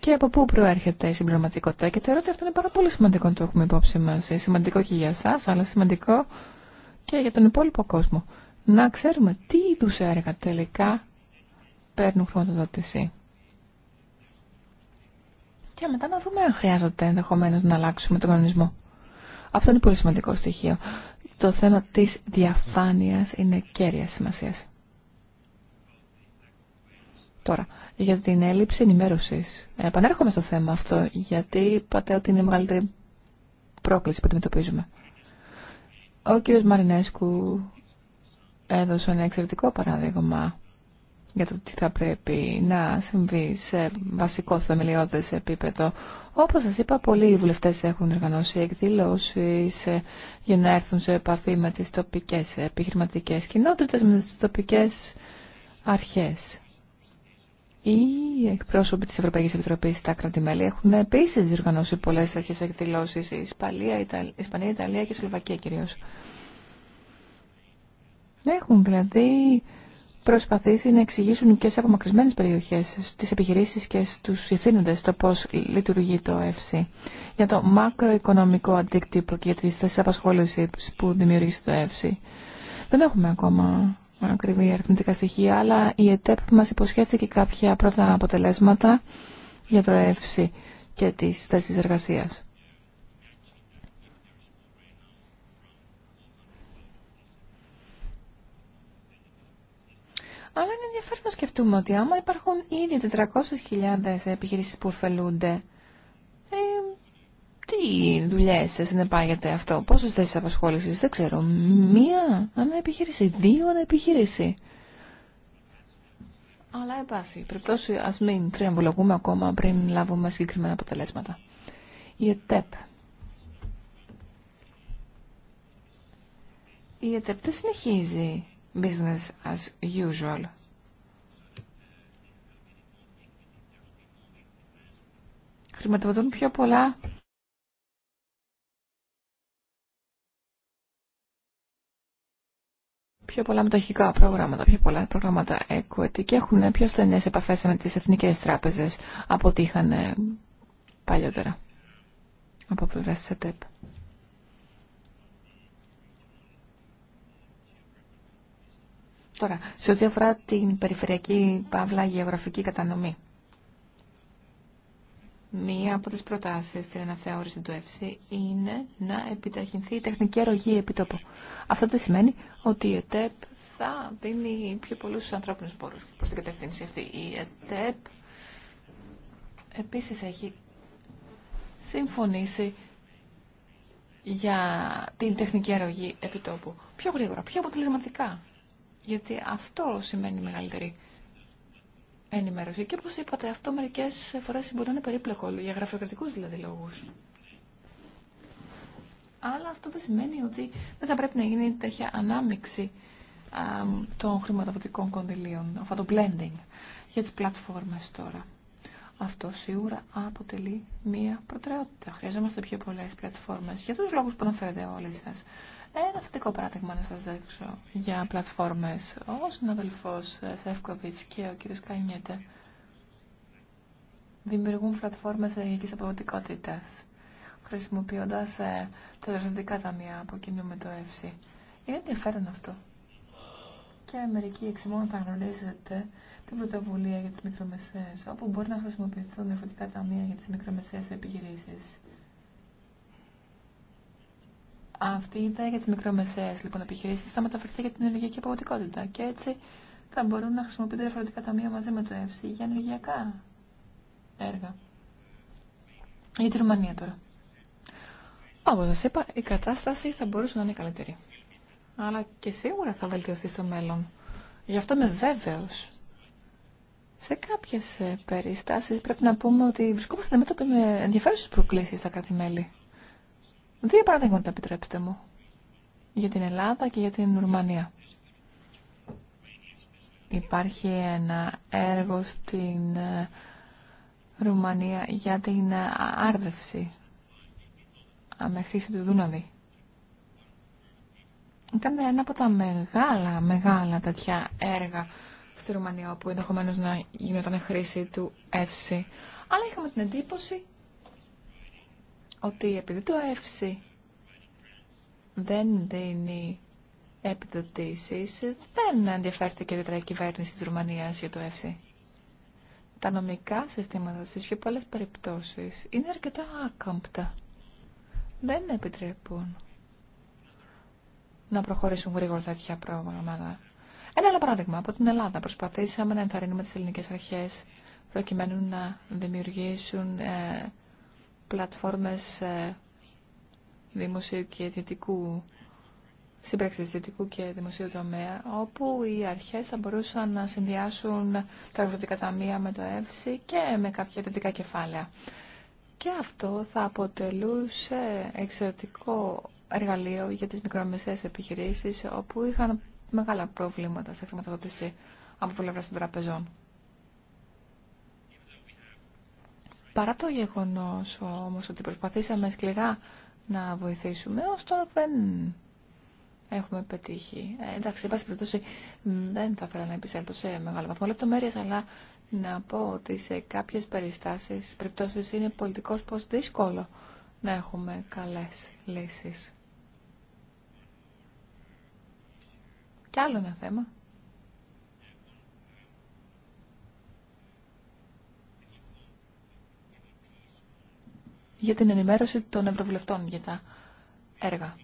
και από πού προέρχεται η συμπληρωματικότητα και θεωρώ ότι αυτό είναι πάρα πολύ σημαντικό να το έχουμε υπόψη μα. σημαντικό και για σας αλλά σημαντικό και για τον υπόλοιπο κόσμο να ξέρουμε τι είδου έργα τελικά παίρνουν χρηματοδότηση και μετά να δούμε αν χρειάζεται ενδεχομένω να αλλάξουμε τον κανονισμό. Αυτό είναι πολύ σημαντικό στοιχείο. Το θέμα της διαφάνειας είναι κέρια σημασία. Τώρα, για την έλλειψη ενημέρωση. Επανέρχομαι στο θέμα αυτό, γιατί είπατε ότι είναι η μεγαλύτερη πρόκληση που αντιμετωπίζουμε. Ο κύριος Μαρινέσκου έδωσε ένα εξαιρετικό παράδειγμα για το τι θα πρέπει να συμβεί σε βασικό θεμελιώδες επίπεδο. Όπως σας είπα, πολλοί βουλευτές έχουν οργανώσει εκδηλώσεις ε, για να έρθουν σε επαφή με τις τοπικές επιχειρηματικές κοινότητες, με τις τοπικές αρχές. Οι εκπρόσωποι της Ευρωπαϊκής Επιτροπής στα κρατημέλη έχουν επίσης οργανώσει πολλές τέτοιες εκδηλώσεις, η Ισπανία, η Ιταλία και η Σλοβακία κυρίως. Έχουν δηλαδή προσπαθήσει να εξηγήσουν και σε απομακρυσμένε περιοχές, στι επιχειρήσεις και στου ηθήνοντε, το πώ λειτουργεί το ΕΦΣΥ. Για το μακροοικονομικό αντίκτυπο και για τις θέσεις απασχόλησης που δημιουργήσε το ΕΦΣΥ. Δεν έχουμε ακόμα ακριβή αριθμητικά στοιχεία, αλλά η ΕΤΕΠ μας υποσχέθηκε κάποια πρώτα αποτελέσματα για το ΕΦΣΥ και τις θέσει εργασία. Αλλά είναι ενδιαφέρον να σκεφτούμε ότι άμα υπάρχουν ήδη 400.000 επιχειρήσεις που ωφελούνται, ε, τι δουλειέ συνεπάγεται αυτό, πόσε θέσει απασχόληση, δεν ξέρω. Μία αναεπιχείρηση, δύο αναεπιχείρηση. Αλλά εν πάση περιπτώσει, α μην τριαμβολογούμε ακόμα πριν λάβουμε συγκεκριμένα αποτελέσματα. Η ΕΤΕΠ. Η ΕΤΕΠ δεν συνεχίζει business as usual. Χρηματοδοτούν πιο πολλά πιο πολλά μετοχικά προγράμματα, πιο πολλά προγράμματα equity και έχουν πιο στενέ επαφέ με τι εθνικέ τράπεζε από ό,τι είχαν ε, παλιότερα από πλευρά τη ΕΤΕΠ. Τώρα, σε ό,τι αφορά την περιφερειακή παύλα γεωγραφική κατανομή. Μία από τις προτάσεις στην αναθεώρηση του ΕΦΣΥ είναι να επιταχυνθεί η τεχνική αρρωγή επιτόπου. Αυτό δεν σημαίνει ότι η ΕΤΕΠ θα δίνει πιο πολλούς ανθρώπινους πόρους προς την κατεύθυνση αυτή. Η ΕΤΕΠ επίσης έχει συμφωνήσει για την τεχνική αρρωγή επιτόπου. Πιο γρήγορα, πιο αποτελεσματικά. Γιατί αυτό σημαίνει μεγαλύτερη ενημέρωση. Και όπω είπατε, αυτό μερικέ φορές μπορεί να είναι περίπλοκο, για γραφειοκρατικούς δηλαδή λόγου. Αλλά αυτό δεν σημαίνει ότι δεν θα πρέπει να γίνει τέτοια ανάμειξη των χρηματοδοτικών κονδυλίων, αυτό το blending για τις πλατφόρμες τώρα. Αυτό σίγουρα αποτελεί μία προτεραιότητα. Χρειαζόμαστε πιο πολλές πλατφόρμες για τους λόγους που αναφέρετε όλοι σας. Ένα θετικό παράδειγμα να σας δείξω για πλατφόρμες. Ο συναδελφός Σεύκοβιτς και ο κύριος Κανιέτε δημιουργούν πλατφόρμες ενεργειακής αποδοτικότητας χρησιμοποιώντας ε, τα δραστηριακά ταμεία από κοινού με το ΕΦΣΥ. Είναι ενδιαφέρον αυτό. Και μερικοί εξημών θα γνωρίζετε την πρωτοβουλία για τις μικρομεσαίες, όπου μπορεί να χρησιμοποιηθούν διαφορετικά ταμεία για τις μικρομεσαίες επιχειρήσεις. Αυτή η ιδέα για τι μικρομεσαίε λοιπόν επιχειρήσει, θα μεταφερθεί για την ενεργειακή αποδοτικότητα και έτσι θα μπορούν να χρησιμοποιούνται διαφορετικά ταμεία μαζί με το ΕΦΣΥ για ενεργειακά έργα. Για τη Ρουμανία τώρα. Όπω σα είπα, η κατάσταση θα μπορούσε να είναι καλύτερη. Αλλά και σίγουρα θα βελτιωθεί στο μέλλον. Γι' αυτό είμαι βέβαιο. Σε κάποιε περιστάσει πρέπει να πούμε ότι βρισκόμαστε αντιμέτωποι με ενδιαφέρουσε προκλήσει στα κράτη-μέλη. Δύο παραδείγματα επιτρέψτε μου. Για την Ελλάδα και για την Ρουμανία. Υπάρχει ένα έργο στην ε, Ρουμανία για την ε, άρδευση με χρήση του Δούναβη. Ήταν ένα από τα μεγάλα, μεγάλα τέτοια έργα στη Ρουμανία όπου ενδεχομένω να γινόταν χρήση του Εύση. Αλλά είχαμε την εντύπωση ότι επειδή το ΕΦΣΙ δεν δίνει επιδοτήσεις, δεν ενδιαφέρθηκε η κυβέρνηση της Ρουμανίας για το ΕΦΣΙ. Τα νομικά συστήματα στις πιο πολλές περιπτώσεις είναι αρκετά άκαμπτα. Δεν επιτρέπουν να προχωρήσουν γρήγορα τέτοια πρόγραμματα. Ένα άλλο παράδειγμα από την Ελλάδα. Προσπαθήσαμε να ενθαρρύνουμε τις ελληνικές αρχές προκειμένου να δημιουργήσουν ε, πλατφόρμες ε, δημοσίου και ιδιωτικού σύμπραξης και δημοσίου τομέα, όπου οι αρχές θα μπορούσαν να συνδυάσουν τα αγροτικά ταμεία με το ΕΦΣΥ και με κάποια ιδιωτικά κεφάλαια. Και αυτό θα αποτελούσε εξαιρετικό εργαλείο για τις μικρομεσαίες επιχειρήσεις, όπου είχαν μεγάλα προβλήματα σε χρηματοδότηση από πλευρά των τραπεζών. Παρά το γεγονός όμως ότι προσπαθήσαμε σκληρά να βοηθήσουμε, ώστε δεν έχουμε πετύχει. Ε, εντάξει, πάση περιπτώσει, δεν θα ήθελα να επισέλθω σε μεγάλο βαθμό λεπτομέρειε, αλλά να πω ότι σε κάποιες περιστάσεις, περιπτώσεις είναι πολιτικός πως δύσκολο να έχουμε καλές λύσεις. Κι άλλο ένα θέμα. για την ενημέρωση των Ευρωβουλευτών για τα έργα.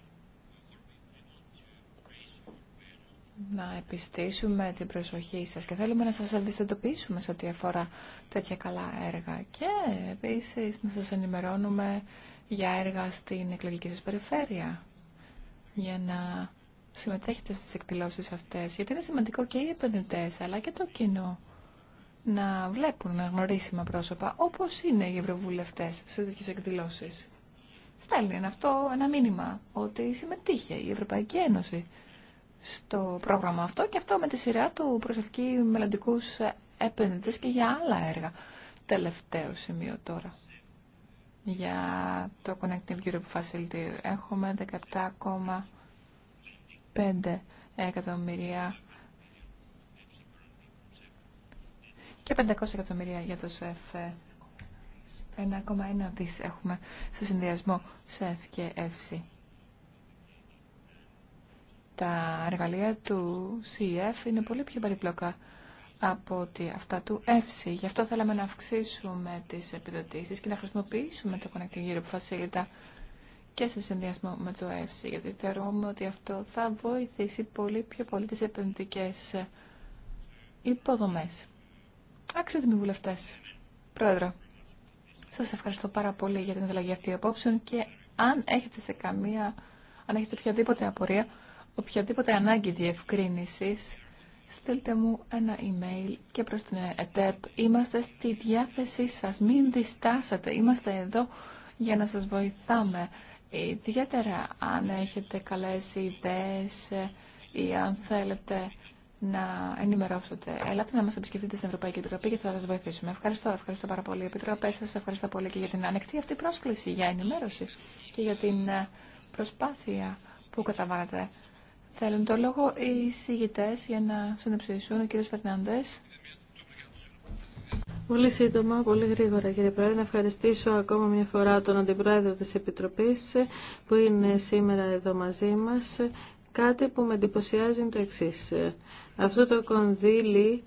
Να επιστήσουμε την προσοχή σας και θέλουμε να σας ευαισθητοποιήσουμε σε ό,τι αφορά τέτοια καλά έργα και επίσης να σας ενημερώνουμε για έργα στην εκλογική σας περιφέρεια για να συμμετέχετε στις εκδηλώσεις αυτές γιατί είναι σημαντικό και οι επενδυτές αλλά και το κοινό να βλέπουν αναγνωρίσιμα πρόσωπα, όπως είναι οι ευρωβουλευτές σε τέτοιες εκδηλώσεις. Στέλνει αυτό ένα μήνυμα ότι συμμετείχε η Ευρωπαϊκή Ένωση στο πρόγραμμα αυτό και αυτό με τη σειρά του προσευχή μελλοντικού επενδυτές και για άλλα έργα. Τελευταίο σημείο τώρα. Για το Connective Europe Facility έχουμε 17,5 εκατομμυρία και 500 εκατομμύρια για το ΣΕΦ. 1,1 δις έχουμε σε συνδυασμό ΣΕΦ και ΕΦΣΙ. Τα εργαλεία του ΣΥΕΦ είναι πολύ πιο περιπλοκά από ότι αυτά του ΕΦΣΙ. Γι' αυτό θέλαμε να αυξήσουμε τις επιδοτήσεις και να χρησιμοποιήσουμε το Connecting Europe Facility και σε συνδυασμό με το ΕΦΣΙ, γιατί θεωρούμε ότι αυτό θα βοηθήσει πολύ πιο πολύ τις επενδυτικές υποδομές με βουλευτέ. Πρόεδρο, σα ευχαριστώ πάρα πολύ για την ανταλλαγή αυτή απόψεων και αν έχετε σε καμία, αν έχετε οποιαδήποτε απορία, οποιαδήποτε ανάγκη διευκρίνηση, στείλτε μου ένα email και προς την ΕΤΕΠ. Είμαστε στη διάθεσή σας. Μην διστάσετε. Είμαστε εδώ για να σας βοηθάμε. Ιδιαίτερα αν έχετε καλές ιδέες ή αν θέλετε να ενημερώσετε. Ελάτε να μας επισκεφτείτε στην Ευρωπαϊκή Επιτροπή και θα σας βοηθήσουμε. Ευχαριστώ, ευχαριστώ πάρα πολύ. Επιτροπέ Σα ευχαριστώ πολύ και για την άνοιξη αυτή πρόσκληση για ενημέρωση και για την ε, προσπάθεια που καταβάλλατε. Θέλουν το λόγο οι συγητέ για να συνεψηφίσουν ο κύριος Φερνάνδες. Πολύ σύντομα, πολύ γρήγορα κύριε Πρόεδρε, να ευχαριστήσω ακόμα μια φορά τον Αντιπρόεδρο της Επιτροπής που είναι σήμερα εδώ μαζί μας Κάτι που με εντυπωσιάζει είναι το εξή. Ε, αυτό το κονδύλι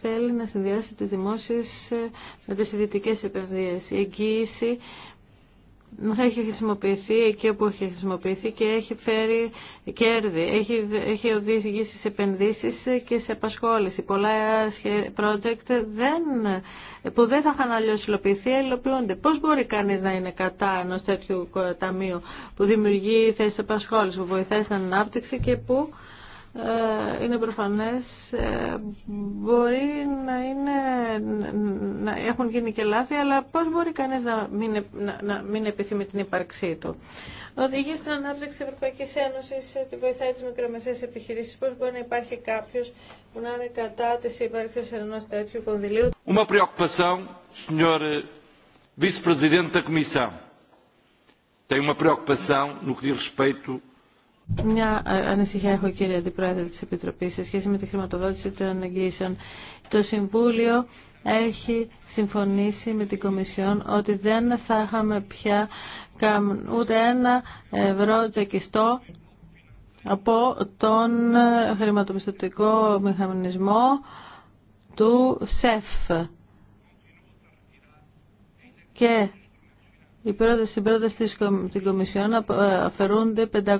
θέλει να συνδυάσει τις δημόσιες ε, με τις ιδιωτικές επενδύσεις. Η εγγύηση έχει χρησιμοποιηθεί εκεί όπου έχει χρησιμοποιηθεί και έχει φέρει κέρδη, έχει, έχει οδηγήσει σε επενδύσεις και σε απασχόληση. Πολλά project δεν, που δεν θα είχαν αλλιώ υλοποιηθεί, υλοποιούνται. Πώς μπορεί κανείς να είναι κατά ενό τέτοιου ε, ταμείου που δημιουργεί θέσεις απασχόληση, που βοηθάει στην ανάπτυξη και που ε, είναι προφανές, ε, μπορεί να, είναι, να έχουν γίνει και λάθη, αλλά πώς μπορεί κανείς να μην, να, να μην επιθυμεί την ύπαρξή του. Οδηγεί στην ανάπτυξη της Ευρωπαϊκής Ένωσης, τη βοηθάει τις μικρομεσαίες επιχειρήσεις, πώς μπορεί να υπάρχει κάποιος που να είναι κατά της ύπαρξης ενός τέτοιου κονδυλίου. Uma preocupação, κύριε vice-presidente da Comissão. Tem uma preocupação μια ε, ανησυχία έχω κύριε Αντιπρόεδρε της Επιτροπής σε σχέση με τη χρηματοδότηση των εγγύσεων. Το Συμβούλιο έχει συμφωνήσει με την Κομισιόν ότι δεν θα είχαμε πια ούτε ένα ευρώ τζακιστό από τον ε, χρηματοπιστωτικό μηχανισμό του ΣΕΦ. Και η πρόταση, στην πρόταση της Κομισιόν ε, αφαιρούνται 500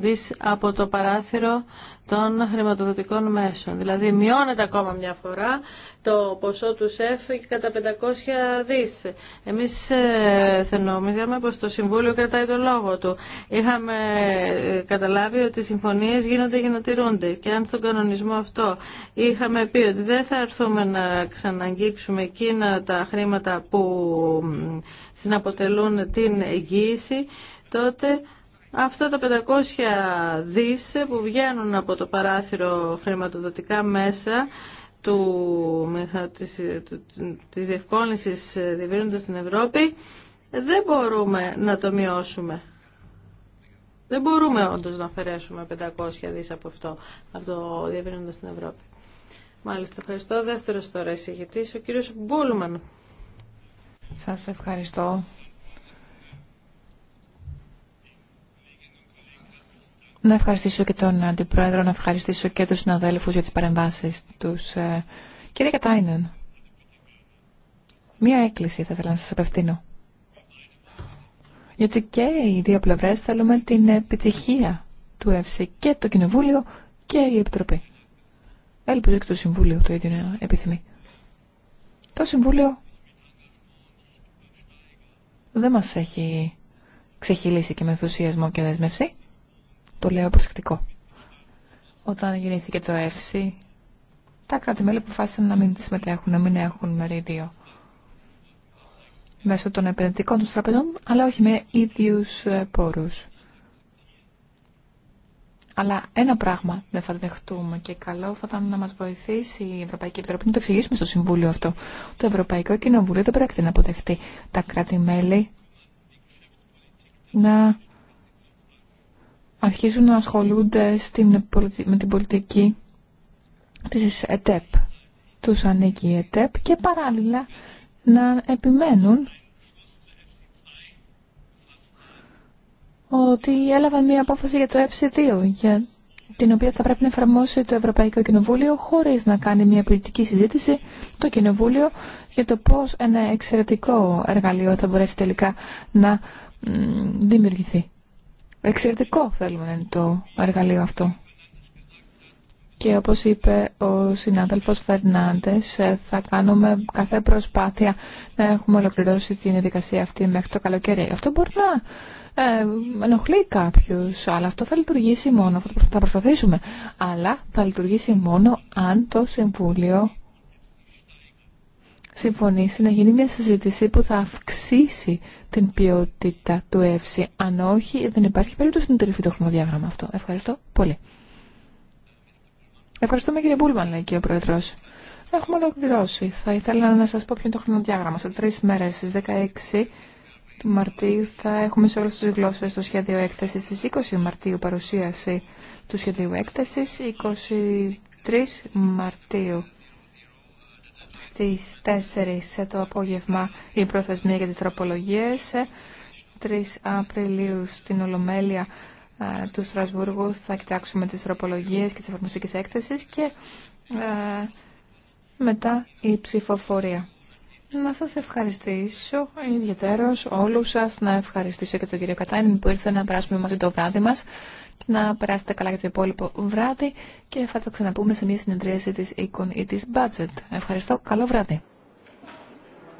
δις από το παράθυρο των χρηματοδοτικών μέσων. Δηλαδή μειώνεται ακόμα μια φορά το ποσό του ΣΕΦ κατά 500 δις. Εμείς ε, νομίζαμε πως το Συμβούλιο κρατάει τον λόγο του. Είχαμε ε, καταλάβει ότι οι συμφωνίες γίνονται για να τηρούνται. Και αν στον κανονισμό αυτό είχαμε πει ότι δεν θα έρθουμε να ξαναγγίξουμε εκείνα τα χρήματα που συναποτελούν την εγγύηση, τότε αυτά τα 500 δις που βγαίνουν από το παράθυρο χρηματοδοτικά μέσα του, της, της διευκόλυνσης διευρύνοντας την Ευρώπη δεν μπορούμε να το μειώσουμε. Δεν μπορούμε όντω να αφαιρέσουμε 500 δις από αυτό, από το διευρύνοντα την Ευρώπη. Μάλιστα, ευχαριστώ. Δεύτερο τώρα εισηγητή, ο κύριο Μπούλμαν. Σα ευχαριστώ. Να ευχαριστήσω και τον Αντιπρόεδρο, να ευχαριστήσω και τους συναδέλφους για τις παρεμβάσεις τους. Ε, κύριε Κατάινεν, μία έκκληση θα ήθελα να σας απευθύνω. Γιατί και οι δύο πλευρές θέλουμε την επιτυχία του ΕΦΣΥ και το Κοινοβούλιο και η Επιτροπή. Ελπίζω και το Συμβούλιο το ίδιο να επιθυμεί. Το Συμβούλιο δεν μας έχει ξεχυλήσει και με ενθουσιασμό και δεσμεύση το λέω προσεκτικό. Όταν γεννήθηκε το ΕΦΣΥ, τα κράτη-μέλη αποφάσισαν να μην συμμετέχουν, να μην έχουν μερίδιο μέσω των επενδυτικών του τραπεζών, αλλά όχι με ίδιους ε, πόρους. Αλλά ένα πράγμα δεν θα δεχτούμε και καλό θα ήταν να μας βοηθήσει η Ευρωπαϊκή Επιτροπή να το εξηγήσουμε στο Συμβούλιο αυτό. Το Ευρωπαϊκό Κοινοβούλιο δεν πρέπει να αποδεχτεί τα κράτη-μέλη να Αρχίζουν να ασχολούνται στην, με την πολιτική της ΕΤΕΠ. Τους ανήκει η ΕΤΕΠ και παράλληλα να επιμένουν ότι έλαβαν μία απόφαση για το FC2, για την οποία θα πρέπει να εφαρμόσει το Ευρωπαϊκό Κοινοβούλιο χωρίς να κάνει μια πολιτική συζήτηση το Κοινοβούλιο για το πώς ένα εξαιρετικό εργαλείο θα μπορέσει τελικά να δημιουργηθεί. Εξαιρετικό θέλουμε να είναι το εργαλείο αυτό. Και όπως είπε ο συνάδελφος Φερνάντες, ε, θα κάνουμε κάθε προσπάθεια να έχουμε ολοκληρώσει την διαδικασία αυτή μέχρι το καλοκαίρι. Αυτό μπορεί να ε, ενοχλεί κάποιους, αλλά αυτό θα λειτουργήσει μόνο, θα προσπαθήσουμε, αλλά θα λειτουργήσει μόνο αν το Συμβούλιο συμφωνήσει να γίνει μια συζήτηση που θα αυξήσει την ποιότητα του ΕΦΣΥ. Αν όχι, δεν υπάρχει περίπτωση να τελειώσει το χρονοδιάγραμμα αυτό. Ευχαριστώ πολύ. Ευχαριστούμε κύριε Μπούλμαν, λέει και ο Πρόεδρο. Έχουμε ολοκληρώσει. Θα ήθελα να σα πω ποιο είναι το χρονοδιάγραμμα. Σε τρει μέρε, στι 16 του Μαρτίου, θα έχουμε σε όλε τι γλώσσε το σχέδιο έκθεση. Στι 20 Μαρτίου, παρουσίαση του σχεδίου έκθεση. 23 Μαρτίου στις 4 ε, το απόγευμα η προθεσμία για τις τροπολογίες. 3 ε, Απριλίου στην Ολομέλεια ε, του Στρασβούργου θα κοιτάξουμε τις τροπολογίες και τις εφαρμοστικές έκθεσης και μετά η ψηφοφορία. Να σας ευχαριστήσω ιδιαίτερος όλους σας, να ευχαριστήσω και τον κύριο Κατάνη που ήρθε να περάσουμε μαζί το βράδυ μας να περάσετε καλά για το υπόλοιπο βράδυ και θα τα ξαναπούμε σε μια συνεδρίαση της Econ ή της Budget. Ευχαριστώ. Καλό βράδυ.